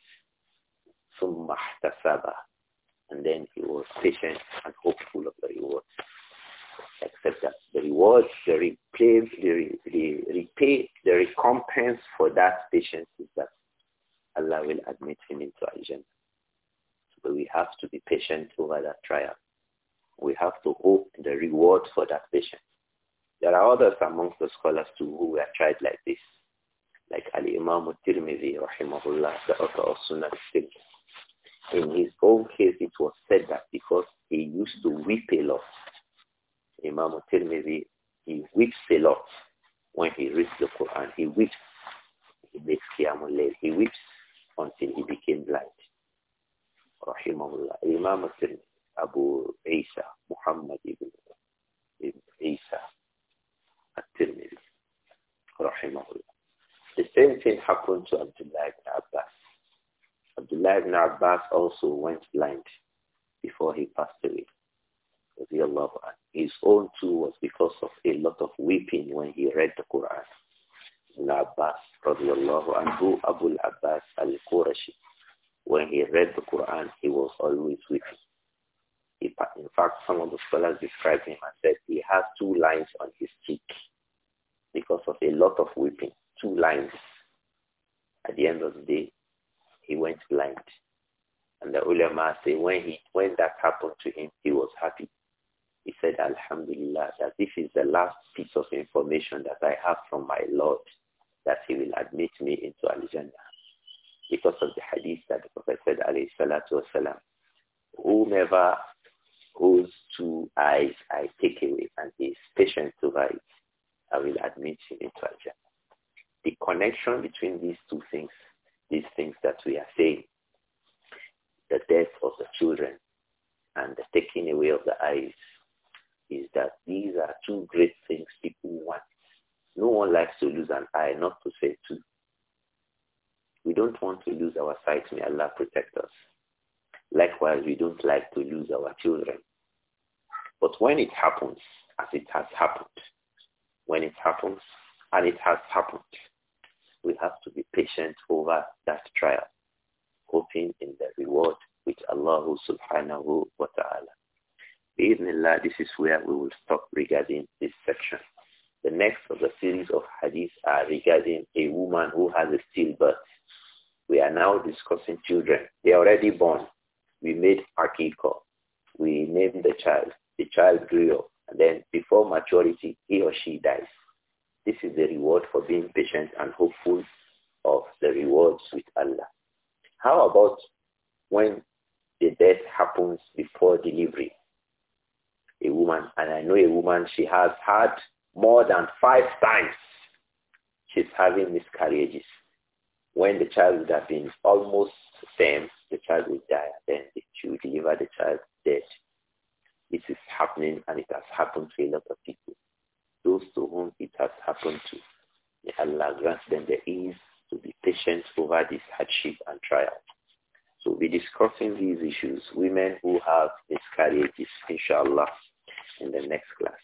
Summa and then he was patient and hopeful of the reward except that the reward, the repay, the, the repay, the recompense for that patience is that Allah will admit him into Al-Jannah. But we have to be patient over that trial. We have to hope the reward for that patience. There are others amongst the scholars too who were tried like this, like Ali imam al-Tirmidhi, rahimahullah, the author of Sunnah al In his own case, it was said that because he used to weep a lot, Imam Tirmidhi, he weeps a lot when he reads the Quran. He weeps. He makes Qiyamul Layl. He weeps until he became blind. Rahimahullah. Imam Tirmidhi, Abu Isa, Muhammad ibn, ibn Isa At-Tirmidhi. Rahimahullah. The same thing happened to Abdullah ibn Abbas. Abdullah ibn Abbas also went blind before he passed away radiallahu His own too was because of a lot of weeping when he read the Quran. Abbas anhu, Abu Abbas al-Qurashi. When he read the Quran, he was always weeping. in fact, some of the scholars described him and said he has two lines on his cheek because of a lot of weeping. Two lines. At the end of the day, he went blind. And the ulama say when he when that happened to him, he was happy. He said, Alhamdulillah, that this is the last piece of information that I have from my Lord, that he will admit me into Al-Jannah. Because of the hadith that the Prophet said, alayhi salatu wasalam, whomever whose two eyes I take away and he is patient to it, I will admit him into Al-Jannah. The connection between these two things, these things that we are saying, the death of the children and the taking away of the eyes is that these are two great things people want. No one likes to lose an eye, not to say two. We don't want to lose our sight. May Allah protect us. Likewise, we don't like to lose our children. But when it happens, as it has happened, when it happens, and it has happened, we have to be patient over that trial, hoping in the reward which Allah subhanahu wa ta'ala Bismillah, this is where we will stop regarding this section. The next of the series of hadiths are regarding a woman who has a stillbirth. We are now discussing children. They are already born. We made Akiko. We named the child. The child grew up. And then before maturity, he or she dies. This is the reward for being patient and hopeful of the rewards with Allah. How about when the death happens before delivery? a woman, and I know a woman, she has had more than five times she's having miscarriages. When the child would have been almost same, the child would die. Then she would deliver the child dead. This is happening and it has happened to a lot of people. Those to whom it has happened to. May Allah grant them the ease to be patient over this hardship and trial. So we'll be discussing these issues, women who have miscarriages, inshallah next class.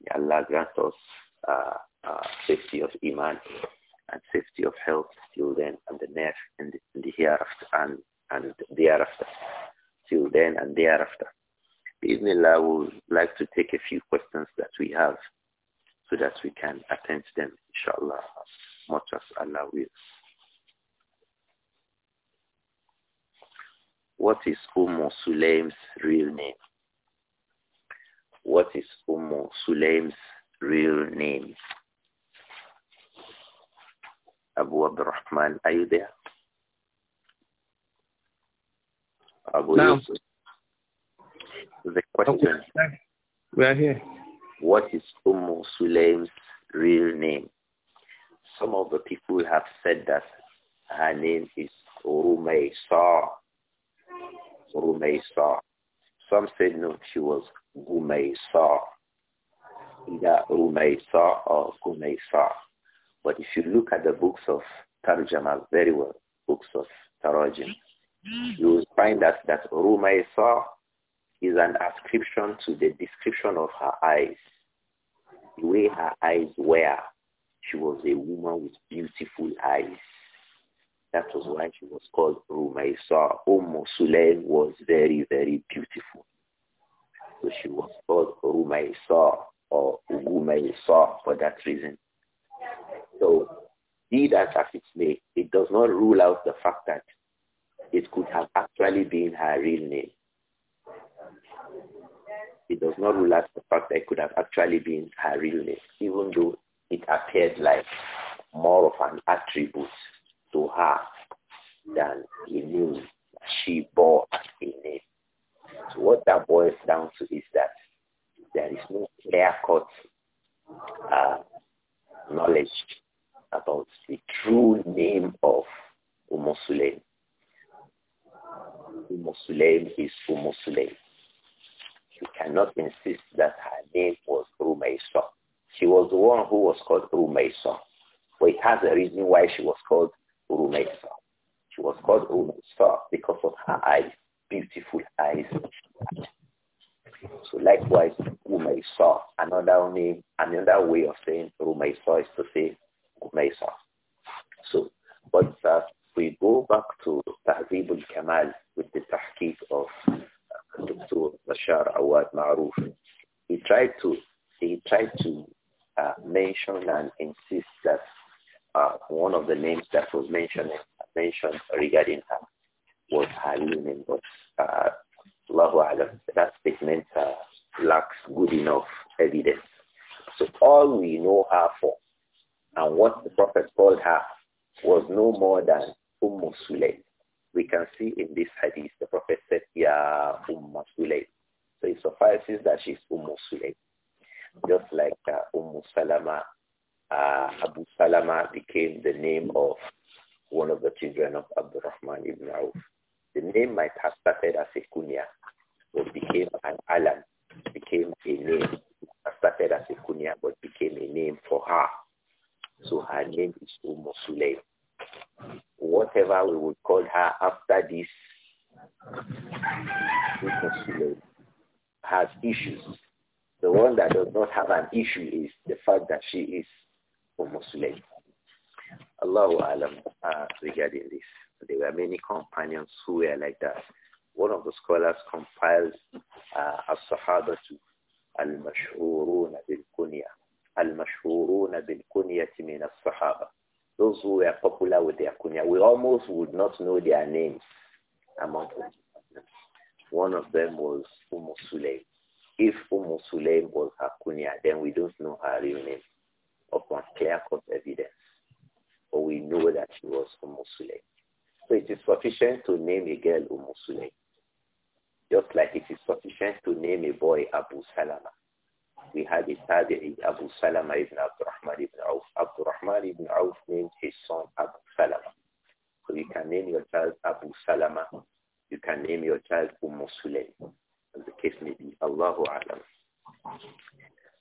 May Allah grant us uh, uh, safety of Iman and safety of health till then and the next and the hereafter and, and thereafter. Till then and thereafter. Bismillah, I would like to take a few questions that we have so that we can attend to them, inshallah, much as Allah wills. What is Umm Sulaim's Humaysa or Humaysa. But if you look at the books of Tarjama very well, books of Tarajim, you will find that, that Rumaisa is an ascription to the description of her eyes, the way her eyes were. She was a woman with beautiful eyes. That was why she was called Rumaisa. Omo umm Sulaim was very, very beautiful. that reason. So be that as it may, it does not rule out the fact that it could have actually been her real name. It does not rule out the fact that it could have actually been her real name, even though it appeared like more of an attribute to her than a name she bore as a name. So what that boils down to is that there is no clear-cut uh, knowledge about the true name of umm, umm Sulaim. is Umm Sulaim. You cannot insist that her name was Rumaysa. She was the one who was called Rumaysa. But it has a reason why she was called Rumaysa. She was called Rumaysa because of her eyes, beautiful eyes. So likewise, Umaysa, another name, another way of saying Umaysa is to say Umaysa. So, but that uh, we go back to Tahzib al-Kamal with the tahqiq of uh, Dr. Bashar Awad Ma'ruf. He tried to, he tried to uh, mention and insist that uh, one of the names that was mentioned mentioned regarding her was Halimin, but uh, Allahu Alam, that statement uh, lacks good enough evidence. So all we know her for and what the Prophet called her was no more than Umm We can see in this hadith the Prophet said, Ya Umm Sulaym. So it suffices that she's Umm Sulaym. Just like uh, Umm Salama, uh, Abu Salama became the name of one of the children of Abdurrahman ibn Auf. The name might have started as a kunya, what became an alam, became a name. Started as a kunya, but became a name for her. So her name is Umm Sulaim. Whatever we would call her after this, Umm Sulaim has issues. The one that does not have an issue is the fact that she is Umm Sulaim. Allahu Alam uh, regarding this. There were many companions who were like that one of the scholars compiled uh, As-Sahabatu Al-Mashhuruna Bil-Kunya. Al-Mashhuruna Bil-Kunyati Min As-Sahaba. Those who were popular with their kunya. We almost would not know their names among them. One of them was Umm Sulaim. If Umm Sulaim was her kunya, then we don't know her real name upon clear-cut evidence. But we know that she was Umm Sulaim. So it is sufficient to name a girl Umm Sulaim, just like it is sufficient to name a boy Abu Salama. We had a tabi'i, Abu Salama ibn Abdurrahman ibn Auf. Abdurrahman ibn Auf named his son Abu Salama. So you can name your child Abu Salama. You can name your child Umm Sulaim, as the case may be. Allahu Alam.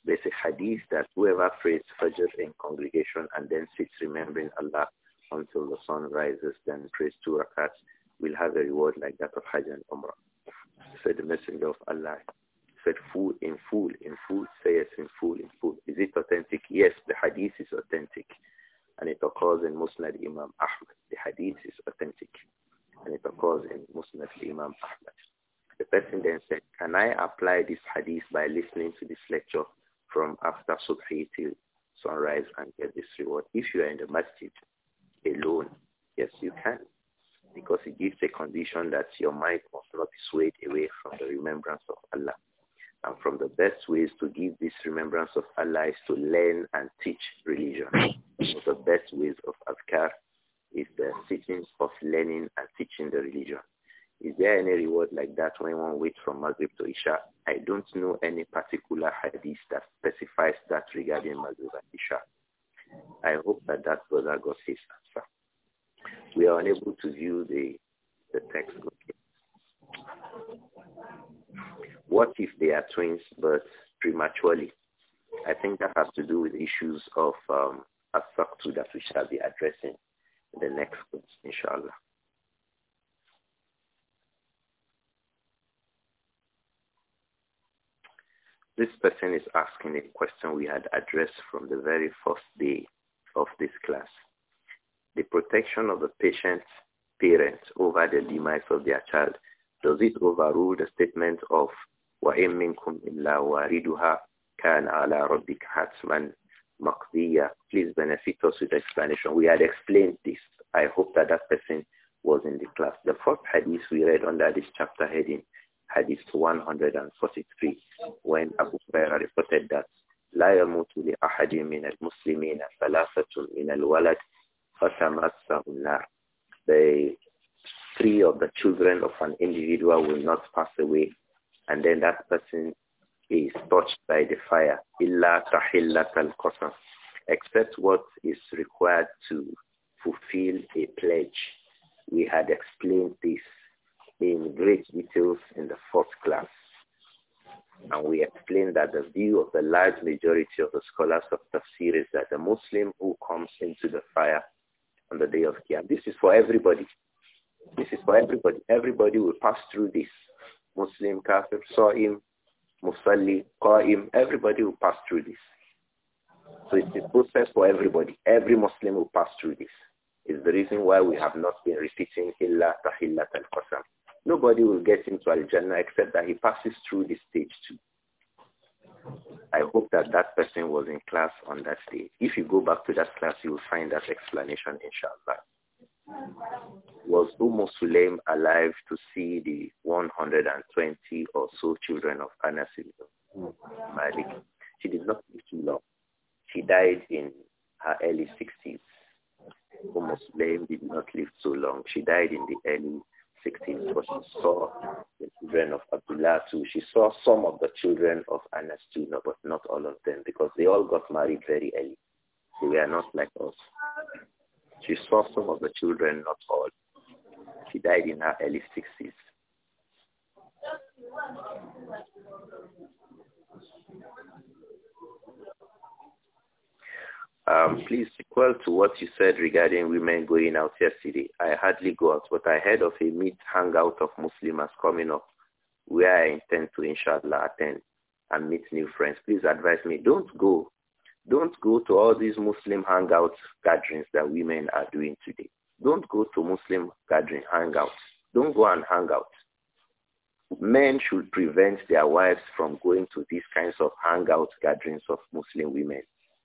There's a hadith that whoever prays Fajr in congregation and then sits remembering Allah until the sun rises, then prays two rakats, will have a reward like that of Hajj and Umrah. Said the Messenger of Allah, said full in full, in full, say yes in full, in full. Is it authentic? Yes, the hadith is authentic. And it occurs in Musnad Imam Ahmad. The hadith is authentic. And it occurs in Musnad Imam Ahmad. The person then said, can I apply this hadith by listening to this lecture from after Subhi till sunrise and get this reward if you are in the masjid alone? Yes, you can. Because it gives a condition that your mind must not be swayed away from the remembrance of Allah. And from the best ways to give this remembrance of Allah is to learn and teach religion. One so of the best ways of azkar is the sitting of learning and teaching the religion. Is there any reward like that when one waits from Maghrib to Isha? I don't know any particular hadith that specifies that regarding Maghrib and Isha. I hope that that brother got his answer. We are unable to view the, the text. What if they are twins but prematurely? I think that has to do with issues of um, factor that we shall be addressing in the next course, inshallah. This person is asking a question we had addressed from the very first day of this class. The protection of the patient's parents over the demise of their child, does it overrule the statement of وَإِن مِّنكُمْ إِلَّا وَارِدُهَا كَانَ عَلَىٰ رَبِّكَ حَتْمًا مَقْضِيًّا Please benefit us with explanation. We had explained this. I hope that that person was in the class. The fourth hadith we read under this chapter heading, hadith 143, when Abu Huraira reported that لا يموت لأحد من المسلمين ثلاثة من الولد فتمسه النار. The three of the children of an individual will not pass away and then that person is touched by the fire. إلا تحلة القسم except what is required to fulfill a pledge. We had explained this in great details in the fourth class. And we explain that the view of the large majority of the scholars of tafsir is that the Muslim who comes into the fire on the day of Qiyam, this is for everybody. This is for everybody. Everybody will pass through this. Muslim, Kafir, Sa'im, Musalli, Qa'im, everybody will pass through this. So it's a process for everybody. Every Muslim will pass through this. It's the reason why we have not been repeating Illa Tahillat al-Qasam. Nobody will get into Al-Jannah except that he passes through the stage two. I hope that that person was in class on that day. If you go back to that class, you will find that explanation, inshallah. Was Umm Sulaim alive to see the 120 or so children of Anas ibn Malik? She did not live too long. She died in her early 60s. Umm Sulaim did not live so long. She died in the early 16, she saw the children of Abdullah too. She saw some of the children of Anas too, but not all of them because they all got married very early. They were not like us. She saw some of the children, not all. She died in her early 60s. Um, please equal to what you said regarding women going out yesterday. I hardly go out, but I heard of a meet hangout of Muslims coming up where I intend to, inshallah, attend and meet new friends. Please advise me, don't go. Don't go to all these Muslim hangout gatherings that women are doing today. Don't go to Muslim gathering hangouts. Don't go and hang out. Men should prevent their wives from going to these kinds of hangout gatherings of Muslim women.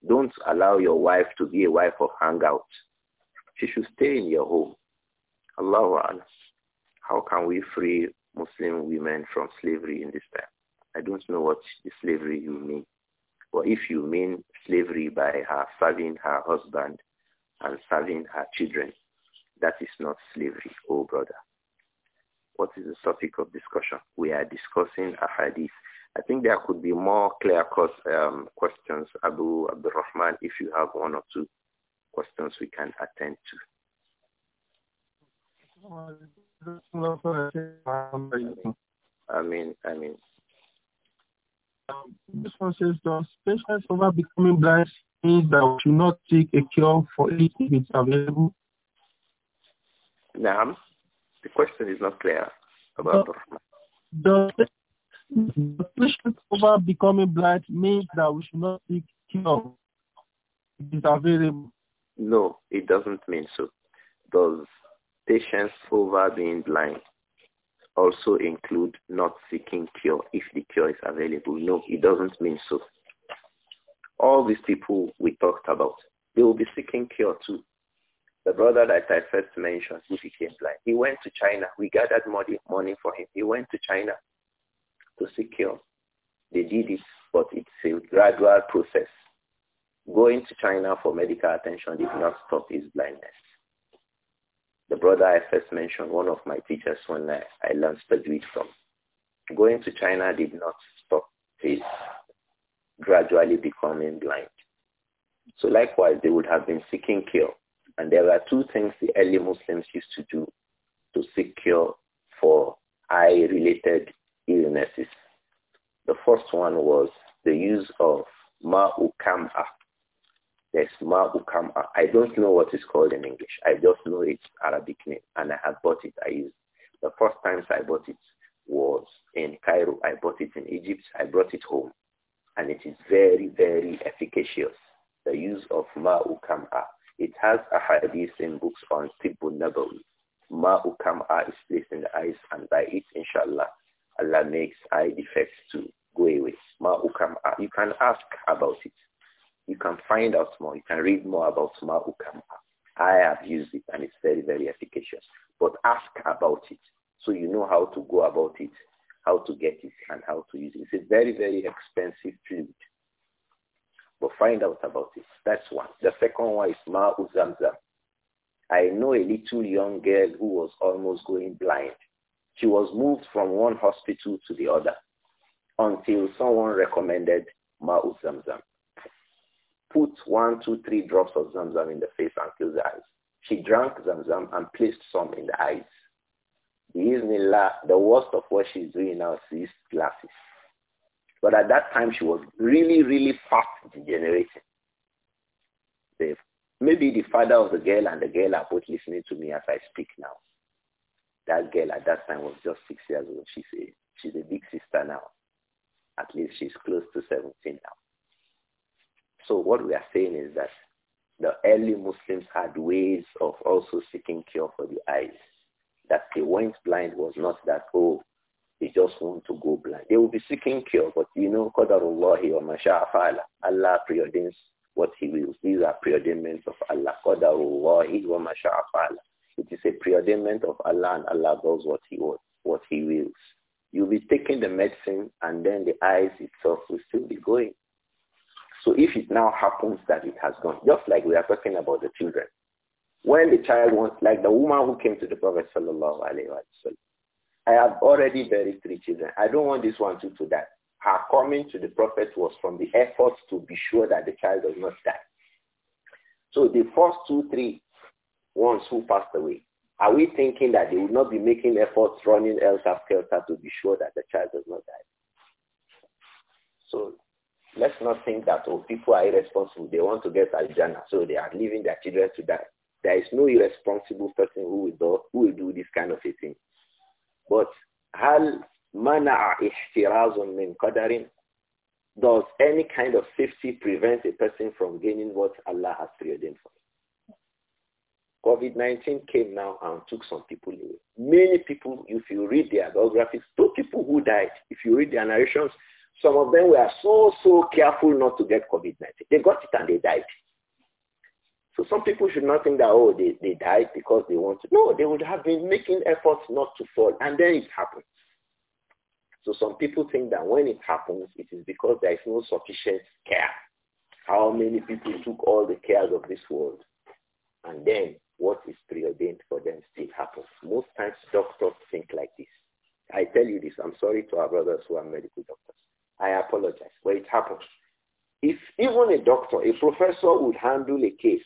Don't allow your wife to be a wife of hangout. She should stay in your home. Allahu Allah. How can we free Muslim women from slavery in this time? I don't know what slavery you mean. But if you mean slavery by her serving her husband and serving her children, that is not slavery, oh brother. What is the topic of discussion? We are discussing a hadith I think there could be more clear-cut um, questions, Abu Abdul Rahman, if you have one or two questions we can attend to. I mean, I mean. Um, this one says, does patients over becoming blind means that we should not seek a cure for it if it's available? Now, the question is not clear about uh, does the punishment over becoming blind means that we should not seek cure. It is available. No, it doesn't mean so. Does patience over being blind also include not seeking cure if the cure is available? No, it doesn't mean so. All these people we talked about, they will be seeking cure too. The brother that I first mentioned, he became blind. He went to China. We gathered money, money for him. He went to China to secure. They did it, but it's a gradual process. Going to China for medical attention did not stop his blindness. The brother I first mentioned, one of my teachers when I, I learned Tajweed from, going to China did not stop his gradually becoming blind. So likewise, they would have been seeking cure. And there are two things the early Muslims used to do to seek cure for eye-related illnesses. The first one was the use of ma'ukam'a. Yes, ma'ukam'a. I don't know what it's called in English. I just know its Arabic name, and I have bought it. I used the first times I bought it was in Cairo. I bought it in Egypt. I brought it home, and it is very, very efficacious. The use of ma'ukam'a. It has a hadith in books on Tibbun Nabawi. Ma'ukam'a is placed in the eyes, and by it, inshallah, Allah makes eye defects to go away. Ma'ukam, uh, you can ask about it. You can find out more. You can read more about ma'ukam. Uh, I have used it and it's very, very efficacious. But ask about it so you know how to go about it, how to get it, and how to use it. It's a very, very expensive fluid. But find out about it. That's one. The second one is ma'uzamzam. I know a little young girl who was almost going blind. She was moved from one hospital to the other until someone recommended Ma'u Zamzam. Put one, two, three drops of Zamzam in the face and kill the eyes. She drank Zamzam and placed some in the eyes. the worst of what she's doing now is glasses. But at that time, she was really, really fast degenerating. Maybe the father of the girl and the girl are both listening to me as I speak now. That girl at that time was just six years old. She's a, she's a big sister now. At least she's close to 17 now. So what we are saying is that the early Muslims had ways of also seeking cure for the eyes. That they went blind was not that, oh, they just want to go blind. They will be seeking cure, but you know, Qadarullahi wa masha'afa'ala. Allah preordains what he wills. These are preordainments of Allah. Qadarullahi wa masha'afa'ala. It is a preordainment of Allah and Allah does what he wants, what he wills. You'll be taking the medicine and then the eyes itself will still be going. So if it now happens that it has gone, just like we are talking about the children, when the child wants, like the woman who came to the Prophet sallallahu alaihi wasallam, I have already buried three children. I don't want this one too to die. Her coming to the Prophet was from the efforts to be sure that the child does not die. So the first two, three ones who passed away, are we thinking that they would not be making efforts running elsewhere to be sure that the child does not die? So let's not think that oh, people are irresponsible. They want to get Aljana, so they are leaving their children to die. There is no irresponsible person who will do, who will do this kind of a thing. But hal min qadarin does any kind of safety prevent a person from gaining what Allah has preordained for him? COVID-19 came now and took some people away. Many people, if you read their biographies, two people who died, if you read their narrations, some of them were so, so careful not to get COVID-19. They got it and they died. So some people should not think that, oh, they, they died because they wanted. No, they would have been making efforts not to fall, and then it happens. So some people think that when it happens, it is because there is no sufficient care. How many people took all the cares of this world? And then what is preordained for them still happens. Most times doctors think like this. I tell you this, I'm sorry to our brothers who are medical doctors. I apologize, but it happens. If even a doctor, a professor would handle a case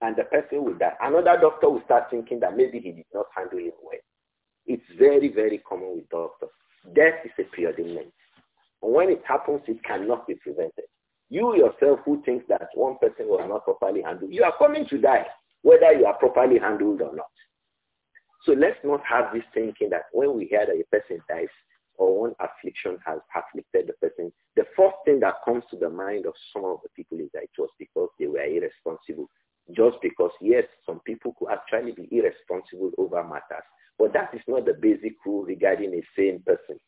and the person would die, another doctor would start thinking that maybe he did not handle it well. It's very, very common with doctors. Death is a preordainment. And when it happens, it cannot be prevented. You yourself who thinks that one person was not properly handled, you are coming to die whether you are properly handled or not. So let's not have this thinking that when we hear that a person dies or one affliction has afflicted the person, the first thing that comes to the mind of some of the people is that it was because they were irresponsible. Just because, yes, some people could actually be irresponsible over matters, but that is not the basic rule regarding a sane person.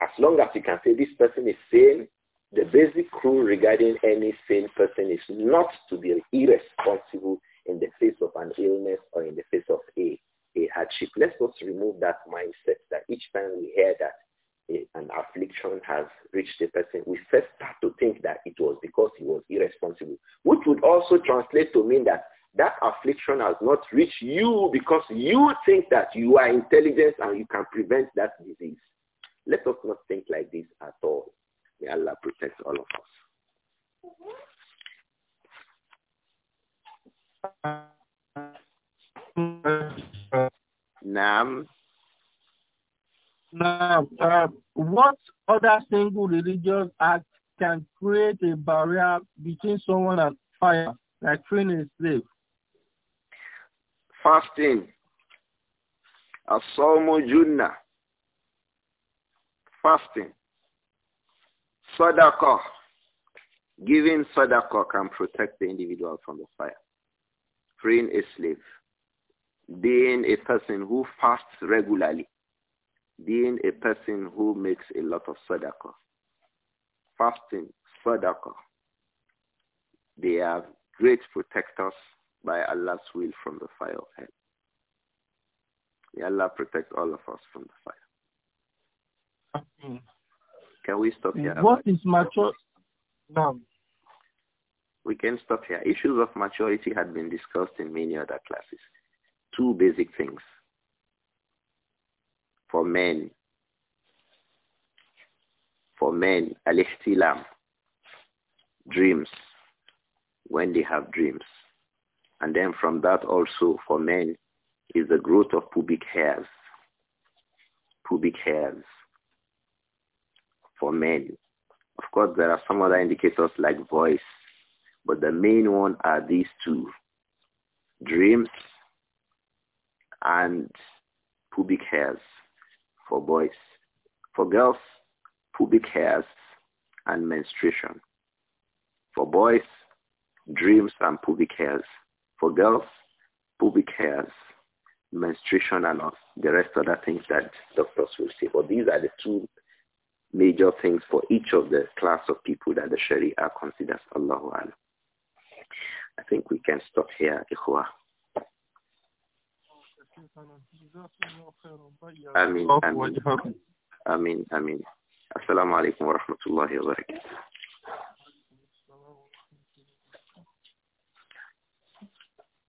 As long as you can say this person is sane, the basic rule regarding any sane person is not to be irresponsible in the face of an illness or in the face of a, a hardship. Let's not remove that mindset that each time we hear that a, an affliction has reached a person, we first start to think that it was because he was irresponsible, which would also translate to mean that that affliction has not reached you because you think that you are intelligent and you can prevent that disease. Let us not think like this at all. May Allah protect all of us. Nam. Now, uh, um, what other single religious act can create a barrier between someone and fire, like freeing a slave? Fasting. Asomo Junna. Fasting. Sadaqah. Giving sadaqah can protect the individual from the fire. Freeing a slave. Being a person who fasts regularly. Being a person who makes a lot of sadaqah. Fasting, sadaqah. They are great protectors by Allah's will from the fire of hell. May Allah protect all of us from the fire. Can we stop here? What is maturity? No. We can stop here. Issues of maturity had been discussed in many other classes. Two basic things for men. For men, alihtilam dreams, when they have dreams. And then from that also for men is the growth of pubic hairs. Pubic hairs for men. Of course, there are some other indicators like voice, but the main one are these two, dreams and pubic hairs for boys. For girls, pubic hairs and menstruation. For boys, dreams and pubic hairs. For girls, pubic hairs, menstruation and the rest of the things that doctors will see. But these are the two major things for each of the class of people that the Sharia considers Allahu Alam. I think we can stop here, Ikhwa. Amin, amin. Amin, amin. Assalamu alaikum wa rahmatullahi wa barakatuh.